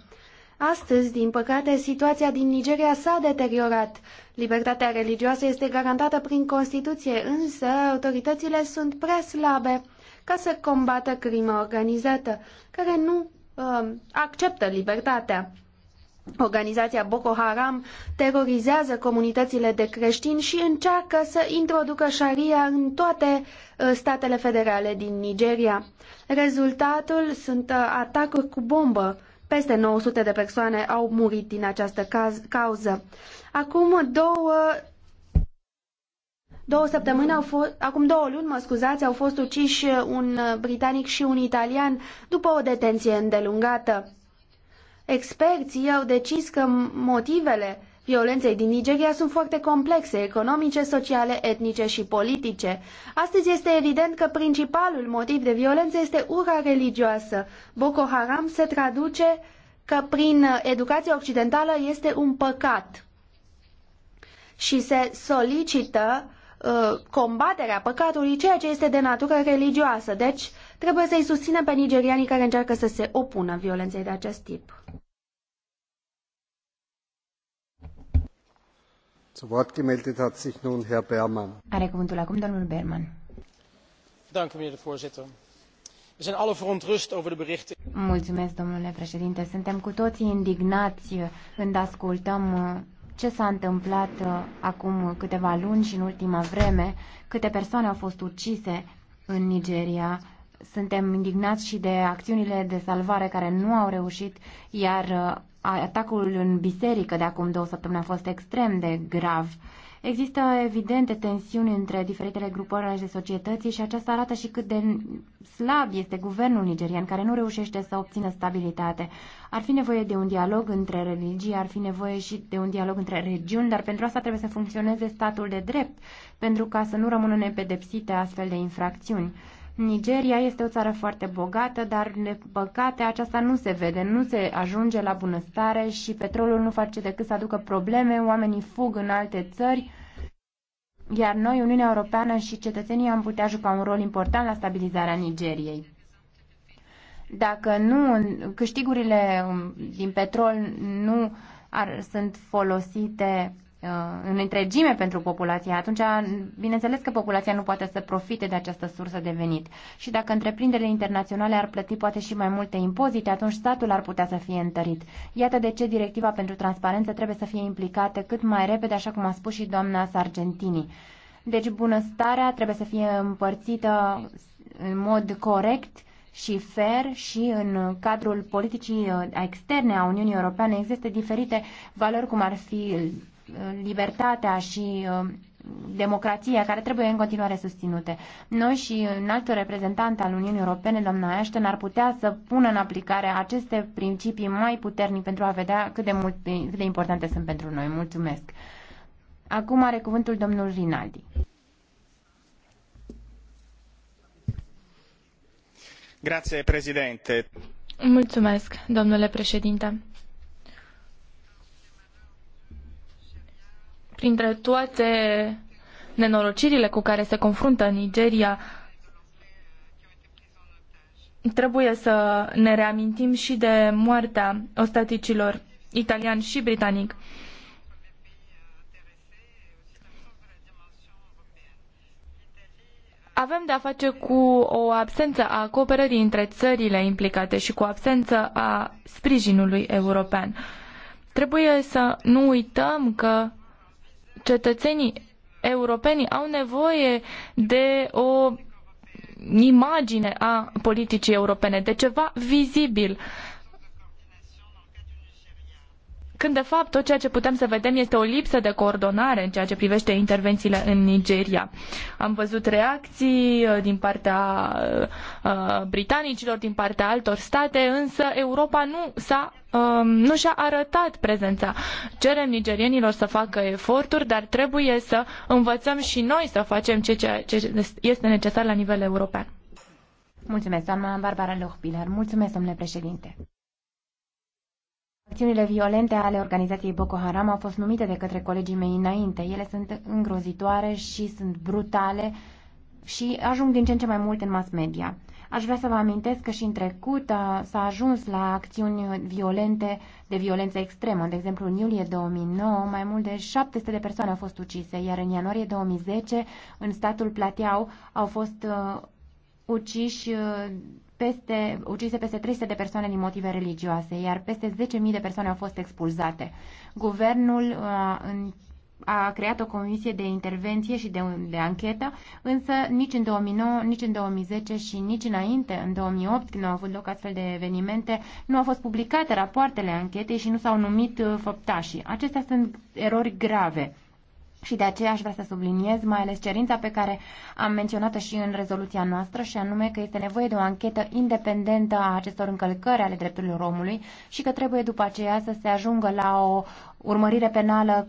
Astăzi, din păcate, situația din Nigeria s-a deteriorat. Libertatea religioasă este garantată prin Constituție, însă autoritățile sunt prea slabe ca să combată crima organizată, care nu uh, acceptă libertatea. Organizația Boko Haram terorizează comunitățile de creștini și încearcă să introducă șaria în toate uh, statele federale din Nigeria. Rezultatul sunt uh, atacuri cu bombă peste 900 de persoane au murit din această caz, cauză. Acum două Două săptămâni au fost, acum două luni, mă scuzați, au fost uciși un britanic și un italian după o detenție îndelungată. Experții au decis că motivele violenței din Nigeria sunt foarte complexe, economice, sociale, etnice și politice. Astăzi este evident că principalul motiv de violență este ura religioasă. Boko Haram se traduce că prin educația occidentală este un păcat și se solicită uh, combaterea păcatului, ceea ce este de natură religioasă. Deci, trebuie să-i susțină pe nigerianii care încearcă să se opună violenței de acest tip. Berman. voorzitter. We zijn allen verontrust over de berichten. Mulțumesc, domnule președinte. Suntem cu toții indignați uh, când ascultăm uh, ce s-a întâmplat uh, acum câteva luni și în ultima vreme, câte persoane au fost ucise în Nigeria. Suntem indignați și de acțiunile de salvare care nu au reușit, iar atacul în biserică de acum două săptămâni a fost extrem de grav. Există evidente tensiuni între diferitele grupări ale societății și aceasta arată și cât de slab este guvernul nigerian, care nu reușește să obțină stabilitate. Ar fi nevoie de un dialog între religii, ar fi nevoie și de un dialog între regiuni, dar pentru asta trebuie să funcționeze statul de drept, pentru ca să nu rămână nepedepsite astfel de infracțiuni. Nigeria este o țară foarte bogată, dar, de păcate, aceasta nu se vede, nu se ajunge la bunăstare și petrolul nu face decât să aducă probleme, oamenii fug în alte țări, iar noi, Uniunea Europeană și cetățenii, am putea juca un rol important la stabilizarea Nigeriei. Dacă nu, câștigurile din petrol nu ar, sunt folosite Uh, în întregime pentru populație, atunci bineînțeles că populația nu poate să profite de această sursă de venit. Și dacă întreprinderile internaționale ar plăti poate și mai multe impozite, atunci statul ar putea să fie întărit. Iată de ce directiva pentru transparență trebuie să fie implicată cât mai repede, așa cum a spus și doamna Sargentini. Deci bunăstarea trebuie să fie împărțită în mod corect și fair și în cadrul politicii uh, externe a Uniunii Europene există diferite valori cum ar fi libertatea și um, democrația care trebuie în continuare susținute. Noi și în altul reprezentant al Uniunii Europene, doamna Ashton, ar putea să pună în aplicare aceste principii mai puternici pentru a vedea cât de, mult, cât de importante sunt pentru noi. Mulțumesc! Acum are cuvântul domnul Rinaldi. Grazie, Mulțumesc, domnule președinte printre toate nenorocirile cu care se confruntă Nigeria, trebuie să ne reamintim și de moartea ostaticilor italian și britanic. Avem de-a face cu o absență a cooperării între țările implicate și cu o absență a sprijinului european. Trebuie să nu uităm că cetățenii europeni au nevoie de o imagine a politicii europene, de ceva vizibil. Uh, când de fapt tot ceea ce putem să vedem este o lipsă de coordonare în ceea ce privește intervențiile în Nigeria. Am văzut reacții uh, din partea uh, uh, britanicilor, din partea altor state, însă Europa nu s-a um, nu și-a arătat prezența. Cerem nigerienilor să facă eforturi, dar trebuie să învățăm și noi să facem ceea ce este necesar la nivel european. Mulțumesc, doamna Barbara Lohbiller. Mulțumesc, domnule președinte. Acțiunile violente ale organizației Boko Haram au fost numite de către colegii mei înainte. Ele sunt îngrozitoare și sunt brutale și ajung din ce în ce mai mult în mass media. Aș vrea să vă amintesc că și în trecut uh, s-a ajuns la acțiuni violente de violență extremă. De exemplu, în iulie 2009, mai mult de 700 de persoane au fost ucise, iar în ianuarie 2010, în statul Plateau, au fost uh, uciși uh, peste, ucise peste 300 de persoane din motive religioase, iar peste 10.000 de persoane au fost expulzate. Guvernul a, uh, a creat o comisie de intervenție și de, de anchetă, însă nici în 2009, nici în 2010 și nici înainte, în 2008, când au avut loc astfel de evenimente, nu au fost publicate rapoartele anchetei și nu s-au numit uh, făptașii. Acestea sunt erori grave. Și de aceea aș vrea să subliniez mai ales cerința pe care am menționat-o și în rezoluția noastră, și anume că este nevoie de o anchetă independentă a acestor încălcări ale drepturilor omului și că trebuie după aceea să se ajungă la o urmărire penală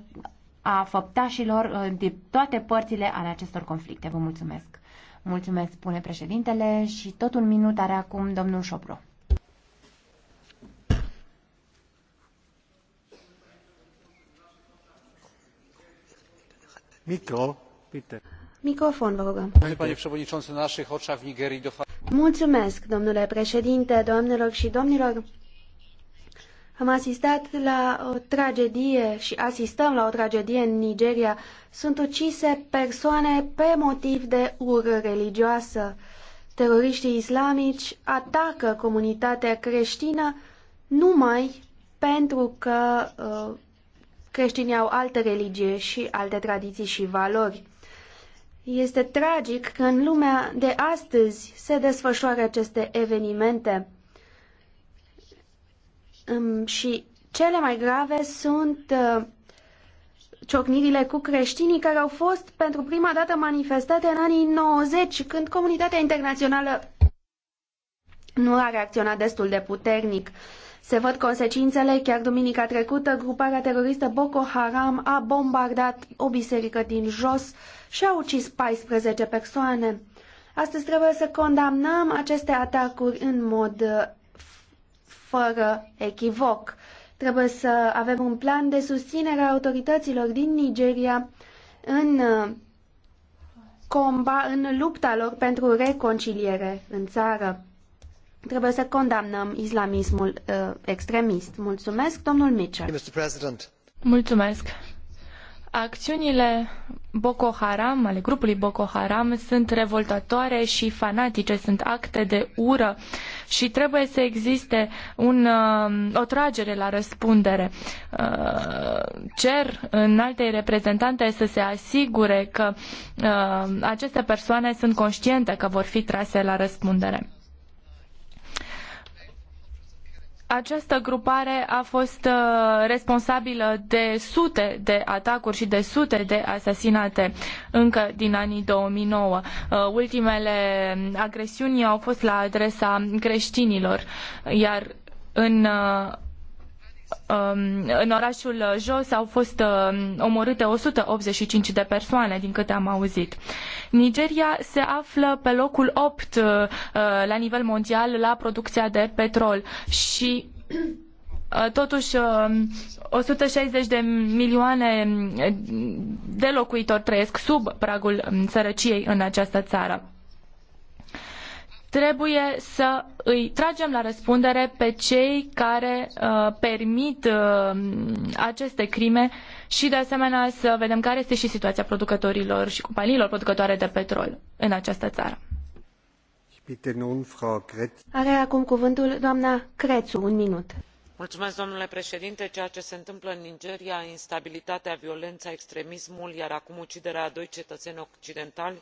a făptașilor uh, de toate părțile ale acestor conflicte. Vă mulțumesc! Mulțumesc, spune președintele, și tot un minut are acum domnul Șopro. Micro, bitte. Microfon, vă rugăm. Panie przewodniczący, na naszych oczach w Nigerii Mulțumesc, domnule președinte, doamnelor și domnilor. Am asistat la o tragedie și asistăm la o tragedie în Nigeria. Sunt ucise persoane pe motiv de ură religioasă. Teroriștii islamici atacă comunitatea creștină numai pentru că uh, Creștinii au alte religie și alte tradiții și valori. Este tragic că în lumea de astăzi se desfășoară aceste evenimente. Și cele mai grave sunt uh, ciocnirile cu creștinii care au fost pentru prima dată manifestate în anii 90, când comunitatea internațională nu a reacționat destul de puternic. Se văd consecințele, chiar duminica trecută, gruparea teroristă Boko Haram a bombardat o biserică din jos și a ucis 14 persoane. Astăzi trebuie să condamnăm aceste atacuri în mod uh, fără echivoc. Trebuie să avem un plan de susținere a autorităților din Nigeria în, uh, comba, în lupta lor pentru reconciliere în țară. Trebuie să condamnăm islamismul uh, extremist. Mulțumesc, domnul Mitchell. Mulțumesc. Acțiunile Boko Haram, ale grupului Boko Haram, sunt revoltătoare și fanatice, sunt acte de ură și trebuie să existe un, uh, o tragere la răspundere. Uh, cer în altei reprezentante să se asigure că uh, aceste persoane sunt conștiente că vor fi trase la răspundere. această grupare a fost uh, responsabilă de sute de atacuri și de sute de asasinate încă din anii 2009. Uh, ultimele agresiuni au fost la adresa creștinilor, iar în uh, Um, în orașul Jos au fost um, omorâte 185 de persoane, din câte am auzit. Nigeria se află pe locul opt uh, uh, la nivel mondial la producția de petrol și uh, totuși 160 um, de milioane de locuitori trăiesc sub pragul sărăciei în această țară. Trebuie să îi tragem la răspundere pe cei care uh, permit uh, aceste crime și de asemenea să vedem care este și situația producătorilor și companiilor producătoare de petrol în această țară. Are acum cuvântul doamna Crețu, un minut. Mulțumesc, domnule președinte. ceea ce se întâmplă în nigeria instabilitatea violența, extremismul iar acum uciderea a doi cetățeni occidentali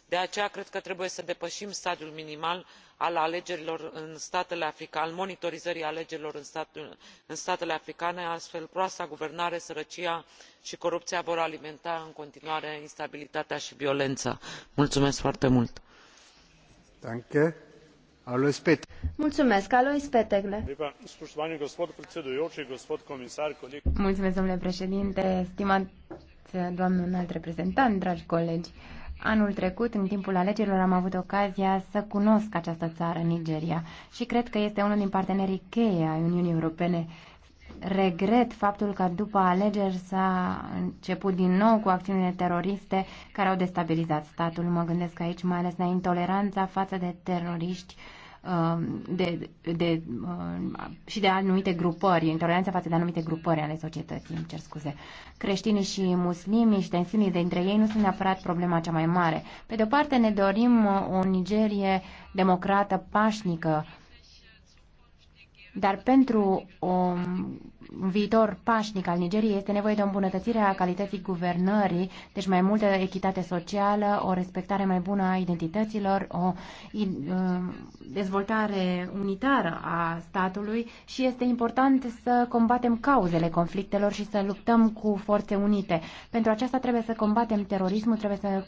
de aceea cred că trebuie să depăim stadiul minimal al alegerilor în statele africane al monitorizării alegerilor în statele africane altfel proasta guvernare sărăcia și corupia vor alimenta în continuare instabilitatea și violența. Mulțumesc foarte mult! Mulțumesc, Alois Petegle. Mulțumesc, domnule președinte, stimat doamnă înalt reprezentant, dragi colegi. Anul trecut, în timpul alegerilor, am avut ocazia să cunosc această țară, Nigeria, și cred că este unul din partenerii cheie ai Uniunii Europene. Regret faptul că după alegeri s-a început din nou cu acțiunile teroriste care au destabilizat statul. Mă gândesc aici mai ales la intoleranța față de teroriști Um, de, de, um, și de anumite grupări, intoleranța față de anumite grupări ale societății, îmi cer scuze. Creștinii și muslimii și tensiunii dintre ei nu sunt neapărat problema cea mai mare. Pe de o parte ne dorim o Nigerie democrată, pașnică, dar pentru un viitor pașnic al Nigeriei este nevoie de o îmbunătățire a calității guvernării, deci mai multă echitate socială, o respectare mai bună a identităților, o uh, dezvoltare unitară a statului și este important să combatem cauzele conflictelor și să luptăm cu forțe unite. Pentru aceasta trebuie să combatem terorismul, trebuie să,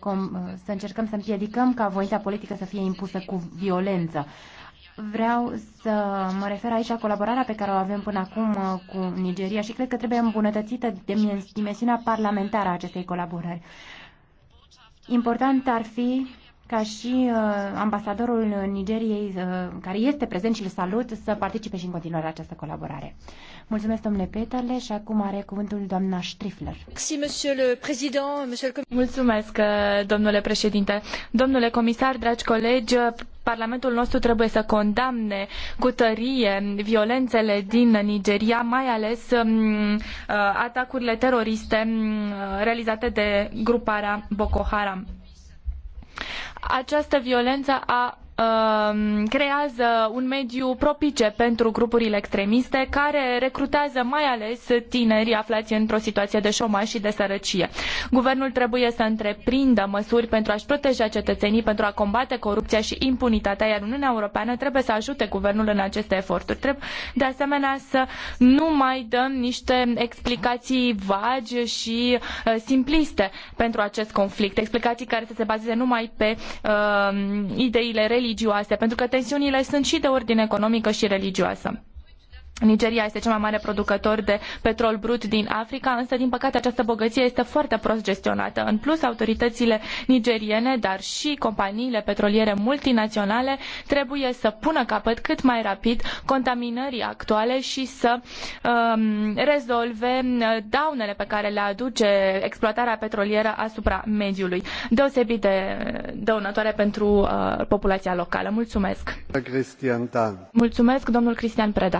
să încercăm să împiedicăm ca voința politică să fie impusă cu violență. Vreau să mă refer aici la colaborarea pe care o avem până acum uh, cu Nigeria și cred că trebuie îmbunătățită dimensiunea parlamentară a acestei colaborări. Important ar fi ca și uh, ambasadorul Nigeriei, uh, care este prezent și îl salut, să participe și în continuare la această colaborare. Mulțumesc, domnule Peterle, și acum are cuvântul doamna Strifler. Mulțumesc, uh, domnule președinte. Domnule comisar, dragi colegi, uh, Parlamentul nostru trebuie să condamne cu tărie violențele din Nigeria, mai ales um, uh, atacurile teroriste um, realizate de gruparea Boko Haram această violență a Um, creează un mediu propice pentru grupurile extremiste care recrutează mai ales tineri aflați într-o situație de șomaj și de sărăcie. Guvernul trebuie să întreprindă măsuri pentru a-și proteja cetățenii, pentru a combate corupția și impunitatea, iar Uniunea Europeană trebuie să ajute guvernul în aceste eforturi. Trebuie de asemenea să nu mai dăm niște explicații vagi și uh, simpliste pentru acest conflict, explicații care să se bazeze numai pe uh, ideile religioase religioase, pentru că tensiunile sunt și de ordine economică și religioasă. Nigeria este cel mai mare producător de petrol brut din Africa, însă, din păcate, această bogăție este foarte prost gestionată. În plus, autoritățile nigeriene, dar și companiile petroliere multinaționale trebuie să pună capăt cât mai rapid contaminării actuale și să um, rezolve uh, daunele pe care le aduce exploatarea petrolieră asupra mediului, deosebit de dăunătoare pentru uh, populația locală. Mulțumesc! Mulțumesc, domnul Cristian Preda!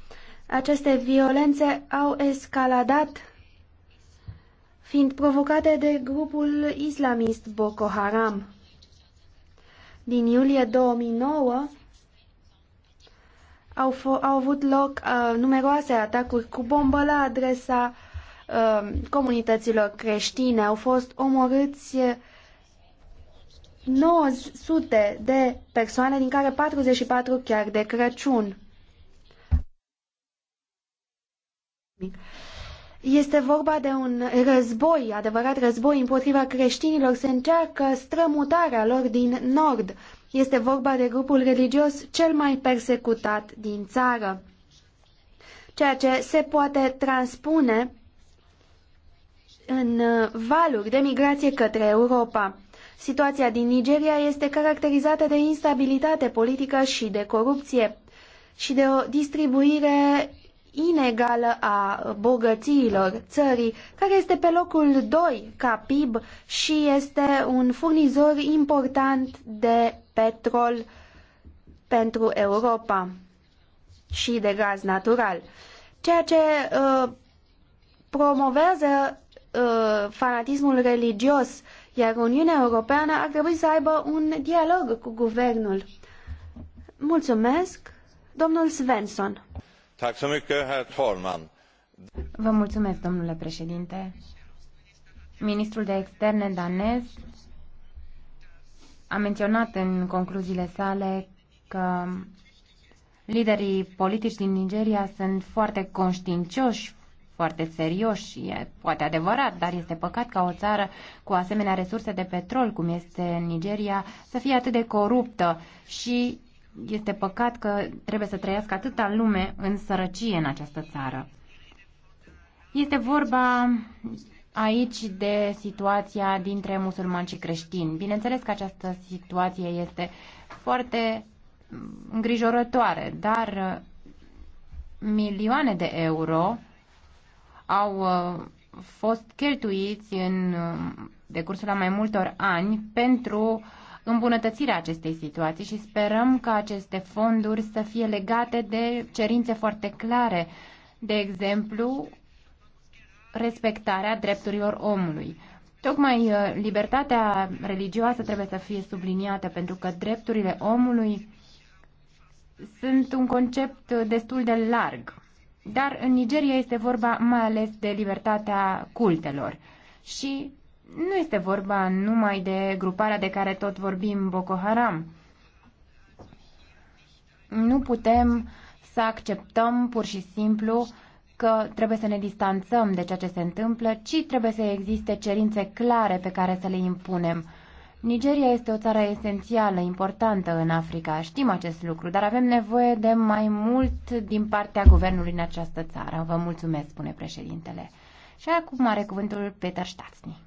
aceste violențe au escaladat fiind provocate de grupul islamist Boko Haram. Din iulie 2009 au, au avut loc uh, numeroase atacuri cu bombă la adresa uh, comunităților creștine. Au fost omorâți 900 de persoane, din care 44 chiar de Crăciun. Este vorba de un război, adevărat război împotriva creștinilor. Se încearcă strămutarea lor din nord. Este vorba de grupul religios cel mai persecutat din țară. Ceea ce se poate transpune în uh, valuri de migrație către Europa. Situația din Nigeria este caracterizată de instabilitate politică și de corupție și de o distribuire inegală a bogățiilor țării, care este pe locul 2 ca PIB și este un furnizor important de petrol pentru Europa și de gaz natural. Ceea ce uh, promovează uh, fanatismul religios, iar Uniunea Europeană ar trebui să aibă un dialog cu guvernul. Mulțumesc, domnul Svensson. Vă mulțumesc, domnule președinte. Ministrul de externe danez a menționat în concluziile sale că liderii politici din Nigeria sunt foarte conștiincioși, foarte serioși, e poate adevărat, dar este păcat ca o țară cu asemenea resurse de petrol, cum este Nigeria, să fie atât de coruptă și este păcat că trebuie să trăiască atâta lume în sărăcie în această țară. Este vorba aici de situația dintre musulmani și creștini. Bineînțeles că această situație este foarte îngrijorătoare, dar milioane de euro au uh, fost cheltuiți în uh, decursul a mai multor ani pentru îmbunătățirea acestei situații și sperăm ca aceste fonduri să fie legate de cerințe foarte clare, de exemplu, respectarea drepturilor omului. Tocmai uh, libertatea religioasă trebuie să fie subliniată, pentru că drepturile omului sunt un concept uh, destul de larg. Dar în Nigeria este vorba mai ales de libertatea cultelor. Și nu este vorba numai de gruparea de care tot vorbim, Boko Haram. Nu putem să acceptăm pur și simplu că trebuie să ne distanțăm de ceea ce se întâmplă, ci trebuie să existe cerințe clare pe care să le impunem. Nigeria este o țară esențială, importantă în Africa, știm acest lucru, dar avem nevoie de mai mult din partea guvernului în această țară. Vă mulțumesc, spune președintele. Și acum are cuvântul Peter Stațni.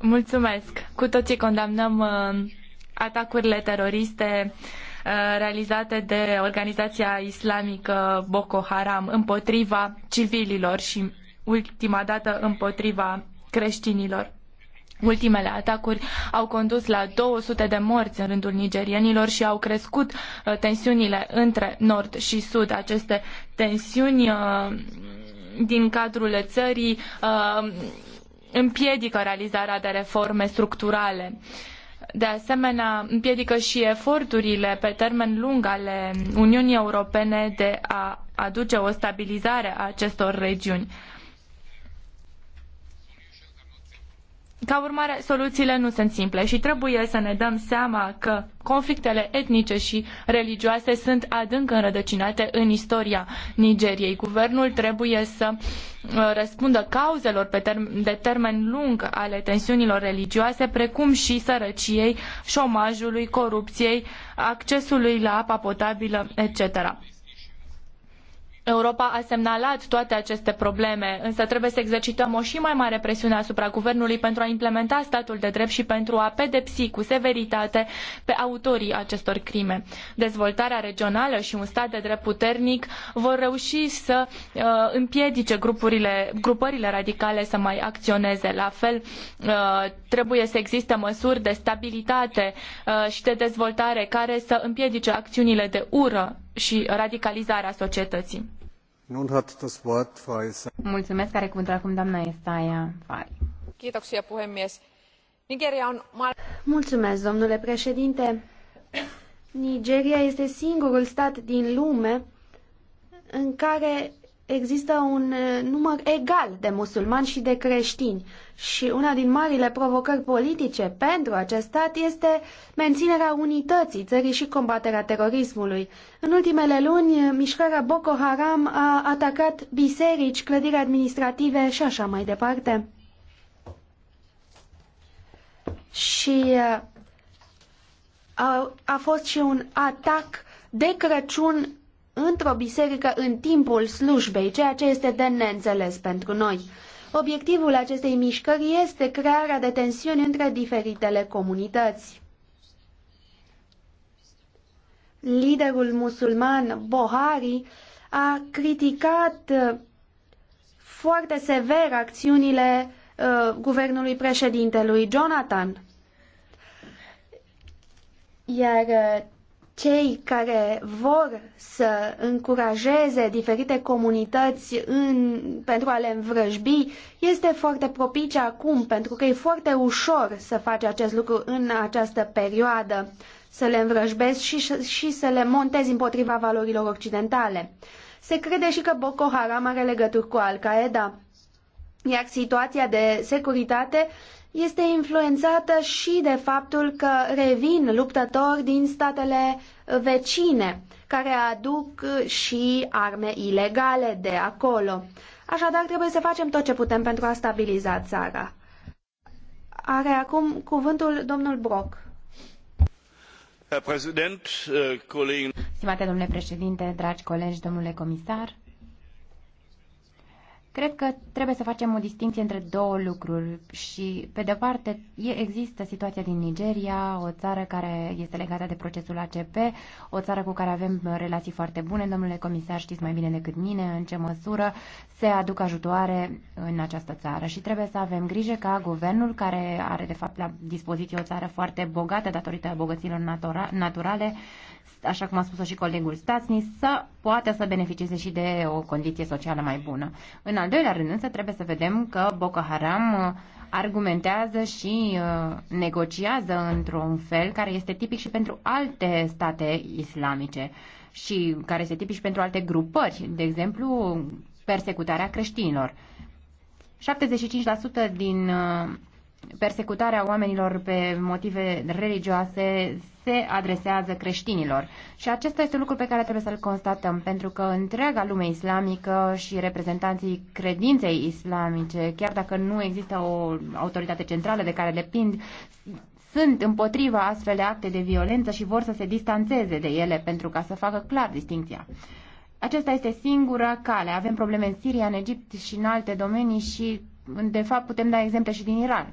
Mulțumesc. Cu toții condamnăm uh, atacurile teroriste uh, realizate de organizația islamică Boko Haram împotriva civililor și ultima dată împotriva creștinilor. Ultimele atacuri au condus la 200 de morți în rândul nigerienilor și au crescut uh, tensiunile între nord și sud. Aceste tensiuni din cadrul țării uh, împiedică realizarea de reforme structurale. De asemenea, împiedică și eforturile pe termen lung ale Uniunii Europene de a aduce o stabilizare a acestor regiuni. Ca urmare, soluțiile nu sunt simple și trebuie să ne dăm seama că conflictele etnice și religioase sunt adânc înrădăcinate în istoria Nigeriei. Guvernul trebuie să uh, răspundă cauzelor de termen lung ale tensiunilor religioase, precum și sărăciei, șomajului, corupției, accesului la apa potabilă, etc. Europa a semnalat toate aceste probleme, însă trebuie să exercităm o și mai mare presiune asupra guvernului pentru a implementa statul de drept și pentru a pedepsi cu severitate pe autorii acestor crime. Dezvoltarea regională și un stat de drept puternic vor reuși să uh, împiedice grupurile, grupările radicale să mai acționeze. La fel, uh, trebuie să existe măsuri de stabilitate uh, și de dezvoltare care să împiedice acțiunile de ură și radicalizarea societății. Mulțumesc, are cuvântul acum doamna Estaia Fari. Kiitoksia, puhemies. Nigeria on... Mulțumesc, domnule președinte. Nigeria este singurul stat din lume în care există un uh, număr egal de musulmani și de creștini și una din marile provocări politice pentru acest stat este menținerea unității țării și combaterea terorismului. În ultimele luni, mișcarea Boko Haram a atacat biserici, clădiri administrative și așa mai departe. Și uh, a, a fost și un atac de Crăciun într-o biserică în timpul slujbei, ceea ce este de neînțeles pentru noi. Obiectivul acestei mișcări este crearea de tensiuni între diferitele comunități. Liderul musulman Bohari a criticat uh, foarte sever acțiunile uh, guvernului președintelui Jonathan. Iar uh, cei care vor să încurajeze diferite comunități în, pentru a le învrăjbi este foarte propice acum, pentru că e foarte ușor să faci acest lucru în această perioadă, să le învrăjbezi și, și să le montezi împotriva valorilor occidentale. Se crede și că Boko Haram are legături cu Al-Qaeda, iar situația de securitate este influențată și de faptul că revin luptători din statele vecine, care aduc și arme ilegale de acolo. Așadar, trebuie să facem tot ce putem pentru a stabiliza țara. Are acum cuvântul domnul Brok. Äh, Stimate domnule președinte, dragi colegi, domnule comisar, Cred că trebuie să facem o distinție între două lucruri și, pe de parte, există situația din Nigeria, o țară care este legată de procesul ACP, o țară cu care avem relații foarte bune. Domnule comisar, știți mai bine decât mine în ce măsură se aduc ajutoare în această țară și trebuie să avem grijă ca guvernul, care are, de fapt, la dispoziție o țară foarte bogată datorită bogăților natura naturale, așa cum a spus și colegul Stațni, să poată să beneficieze și de o condiție socială mai bună. În al doilea rând, însă, trebuie să vedem că Boko Haram uh, argumentează și uh, negociază într-un fel care este tipic și pentru alte state islamice și care este tipic și pentru alte grupări, de exemplu, persecutarea creștinilor. 75% din uh, persecutarea oamenilor pe motive religioase se adresează creștinilor. Și acesta este lucru pe care trebuie să-l constatăm, pentru că întreaga lume islamică și reprezentanții credinței islamice, chiar dacă nu există o autoritate centrală de care depind, sunt împotriva astfel de acte de violență și vor să se distanțeze de ele pentru ca să facă clar distinția. Acesta este singura cale. Avem probleme în Siria, în Egipt și în alte domenii și, de fapt, putem da exemple și din Iran.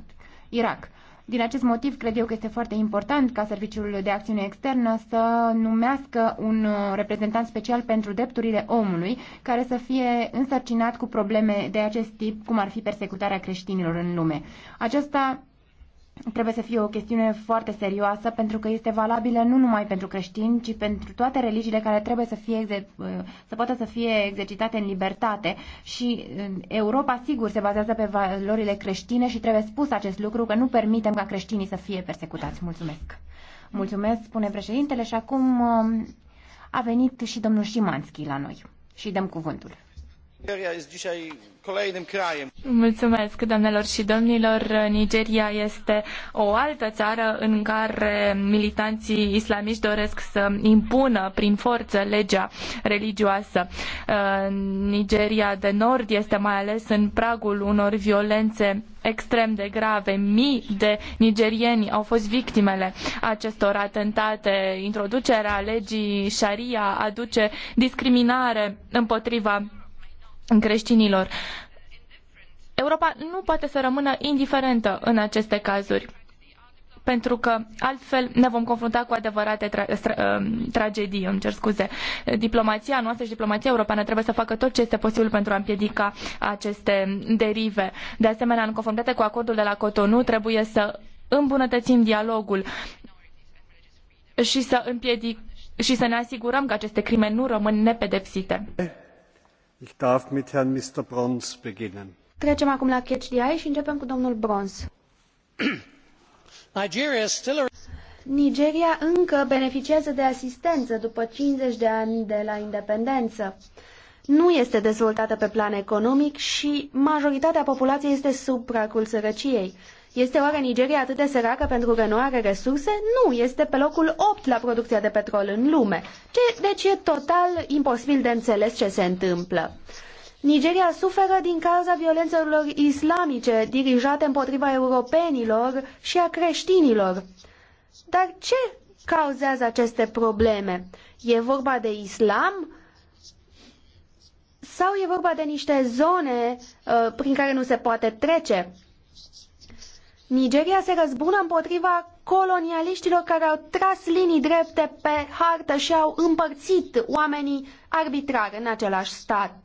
Irak. Din acest motiv, cred eu că este foarte important ca Serviciul de Acțiune Externă să numească un uh, reprezentant special pentru drepturile omului, care să fie însărcinat cu probleme de acest tip, cum ar fi persecutarea creștinilor în lume. Aceasta trebuie să fie o chestiune foarte serioasă pentru că este valabilă nu numai pentru creștini, ci pentru toate religiile care trebuie să, fie, uh, să poată să fie exercitate în libertate. Și uh, Europa, sigur, se bazează pe valorile creștine și trebuie spus acest lucru că nu permitem ca creștinii să fie persecutați. Mulțumesc! Mulțumesc, spune președintele, și acum uh, a venit și domnul Șimanski la noi și dăm cuvântul. Mulțumesc, doamnelor și domnilor. Nigeria este o altă țară în care militanții islamiști doresc să impună prin forță legea religioasă. Nigeria de Nord este mai ales în pragul unor violențe extrem de grave. Mii de nigerieni au fost victimele acestor atentate. Introducerea legii Sharia aduce discriminare împotriva creștinilor. Europa nu poate să rămână indiferentă în aceste cazuri, pentru că altfel ne vom confrunta cu adevărate tra tra uh, tragedii, îmi cer scuze. Diplomația noastră și diplomația europeană trebuie să facă tot ce este posibil pentru a împiedica aceste derive. De asemenea, în conformitate cu acordul de la Cotonou, trebuie să îmbunătățim dialogul și să împiedic și să ne asigurăm că aceste crime nu rămân nepedepsite. Ich darf mit Herrn Mr. Brons beginnen. Trecem acum la Catch și începem cu domnul Brons. Nigeria, still... Nigeria încă beneficiază de asistență după 50 de ani de la independență. Nu este dezvoltată pe plan economic și majoritatea populației este sub pragul sărăciei. Este oare Nigeria atât de săracă pentru că nu are resurse? Nu, este pe locul opt la producția de petrol în lume. Ce, deci e total imposibil de înțeles ce se întâmplă. Nigeria suferă din cauza violențelor islamice dirijate împotriva europenilor și a creștinilor. Dar ce cauzează aceste probleme? E vorba de islam? Sau e vorba de niște zone uh, prin care nu se poate trece? Nigeria se răzbună împotriva colonialiștilor care au tras linii drepte pe hartă și au împărțit oamenii arbitrar în același stat.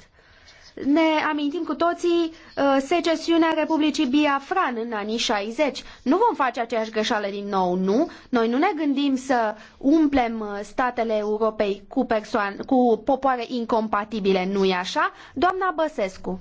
Ne amintim cu toții uh, secesiunea Republicii Biafran în anii 60. Nu vom face aceeași greșeală din nou, nu. Noi nu ne gândim să umplem uh, statele Europei cu, persoane, cu popoare incompatibile, nu-i așa? Doamna Băsescu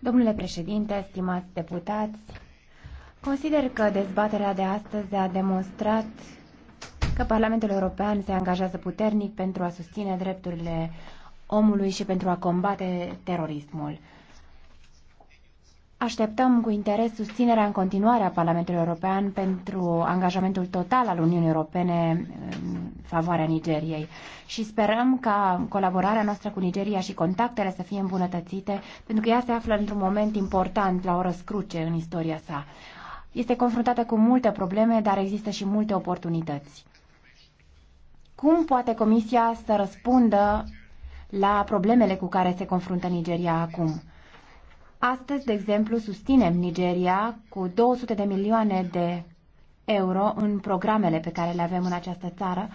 Domnule președinte, stimați deputați, consider că dezbaterea de astăzi a demonstrat că Parlamentul European se angajează puternic pentru a susține drepturile omului și pentru a combate terorismul. Așteptăm cu interes susținerea în continuare a Parlamentului European pentru angajamentul total al Uniunii Europene în favoarea Nigeriei și sperăm ca colaborarea noastră cu Nigeria și contactele să fie îmbunătățite, pentru că ea se află într-un moment important la o răscruce în istoria sa. Este confruntată cu multe probleme, dar există și multe oportunități. Cum poate Comisia să răspundă la problemele cu care se confruntă Nigeria acum? Astăzi, de exemplu, susținem Nigeria cu 200 de milioane de euro în programele pe care le avem în această țară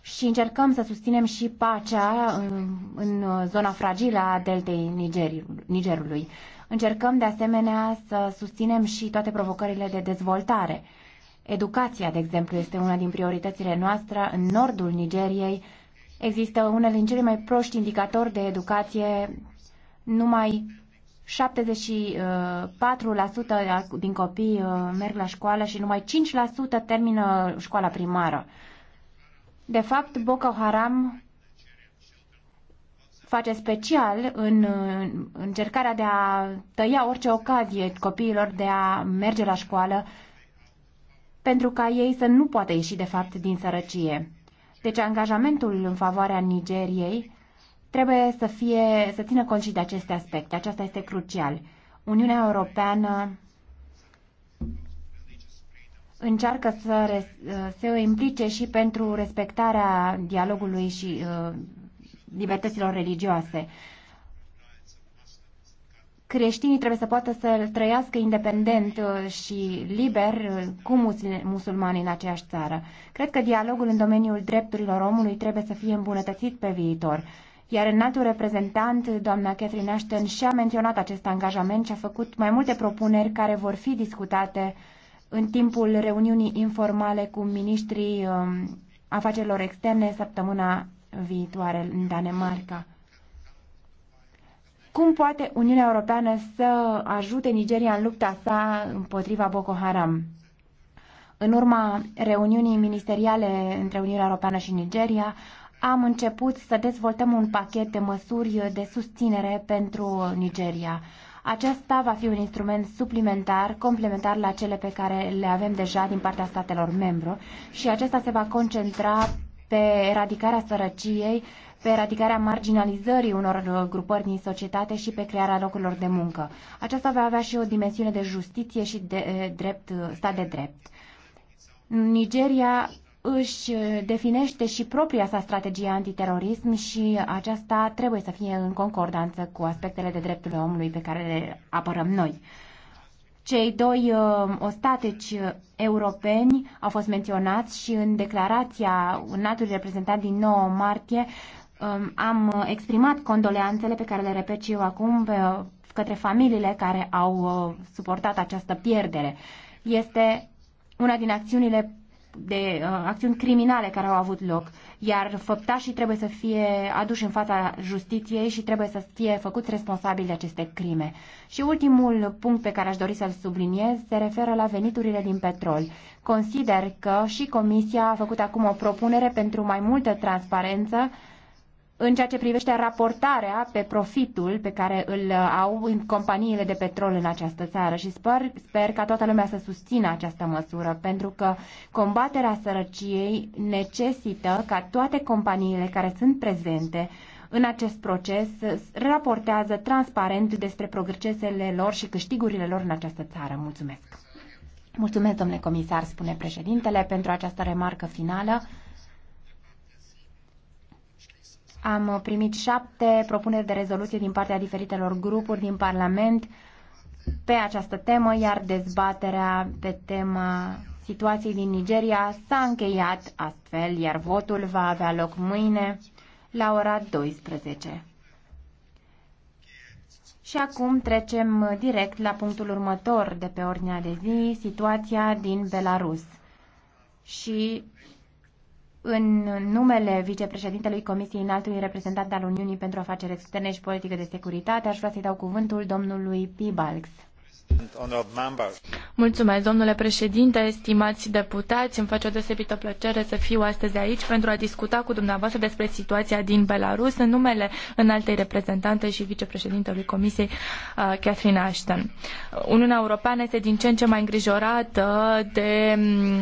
și încercăm să susținem și pacea în, în zona fragilă a deltei Nigerului. Încercăm de asemenea să susținem și toate provocările de dezvoltare. Educația, de exemplu, este una din prioritățile noastre în nordul Nigeriei. Există unele din cele mai proști indicatori de educație numai 74% uh, din copii uh, merg la școală și numai 5% termină școala primară. De fapt, Boko Haram face special în uh, încercarea de a tăia orice ocazie copiilor de a merge la școală pentru ca ei să nu poată ieși de fapt din sărăcie. Deci angajamentul în favoarea Nigeriei trebuie să, fie, să țină cont și de aceste aspecte. Aceasta este crucial. Uniunea Europeană încearcă să se implice și pentru respectarea dialogului și uh, libertăților religioase. Creștinii trebuie să poată să trăiască independent uh, și liber uh, cu musulmanii în aceeași țară. Cred că dialogul în domeniul drepturilor omului trebuie să fie îmbunătățit pe viitor iar înaltul reprezentant, doamna Catherine Ashton, și-a menționat acest angajament și a făcut mai multe propuneri care vor fi discutate în timpul reuniunii informale cu ministrii um, afacerilor externe săptămâna viitoare în Danemarca. Cum poate Uniunea Europeană să ajute Nigeria în lupta sa împotriva Boko Haram? În urma reuniunii ministeriale între Uniunea Europeană și Nigeria, am început să dezvoltăm un pachet de măsuri de susținere pentru Nigeria. Aceasta va fi un instrument suplimentar, complementar la cele pe care le avem deja din partea statelor membru și acesta se va concentra pe eradicarea sărăciei, pe eradicarea marginalizării unor grupări din societate și pe crearea locurilor de muncă. Aceasta va avea și o dimensiune de justiție și de eh, drept, stat de drept. Nigeria își definește și propria sa strategie antiterorism și aceasta trebuie să fie în concordanță cu aspectele de drepturile omului pe care le apărăm noi. Cei doi uh, ostateci europeni au fost menționați și în declarația înaltului reprezentant din 9 martie um, am exprimat condoleanțele pe care le repet și eu acum pe, uh, către familiile care au uh, suportat această pierdere. Este una din acțiunile de uh, acțiuni criminale care au avut loc, iar făptașii trebuie să fie aduși în fața justiției și trebuie să fie făcuți responsabili de aceste crime. Și ultimul punct pe care aș dori să-l subliniez se referă la veniturile din petrol. Consider că și Comisia a făcut acum o propunere pentru mai multă transparență în ceea ce privește raportarea pe profitul pe care îl au în companiile de petrol în această țară și sper, sper ca toată lumea să susțină această măsură, pentru că combaterea sărăciei necesită ca toate companiile care sunt prezente în acest proces raportează transparent despre progresele lor și câștigurile lor în această țară. Mulțumesc! Mulțumesc, domnule comisar, spune președintele, pentru această remarcă finală. Am primit șapte propuneri de rezoluție din partea diferitelor grupuri din Parlament pe această temă, iar dezbaterea pe tema situației din Nigeria s-a încheiat astfel, iar votul va avea loc mâine la ora 12. Și acum trecem direct la punctul următor de pe ordinea de zi, situația din Belarus. Și în numele vicepreședintelui Comisiei Înaltului Reprezentant al Uniunii pentru Afaceri Externe și Politică de Securitate, aș vrea să-i dau cuvântul domnului Pibalx. Mulțumesc, domnule președinte, stimați deputați. Îmi face o deosebită plăcere să fiu astăzi aici pentru a discuta cu dumneavoastră despre situația din Belarus în numele înaltei reprezentante și vicepreședintelui Comisiei, uh, Catherine Ashton. Uniunea Europeană este din ce în ce mai îngrijorată de mm,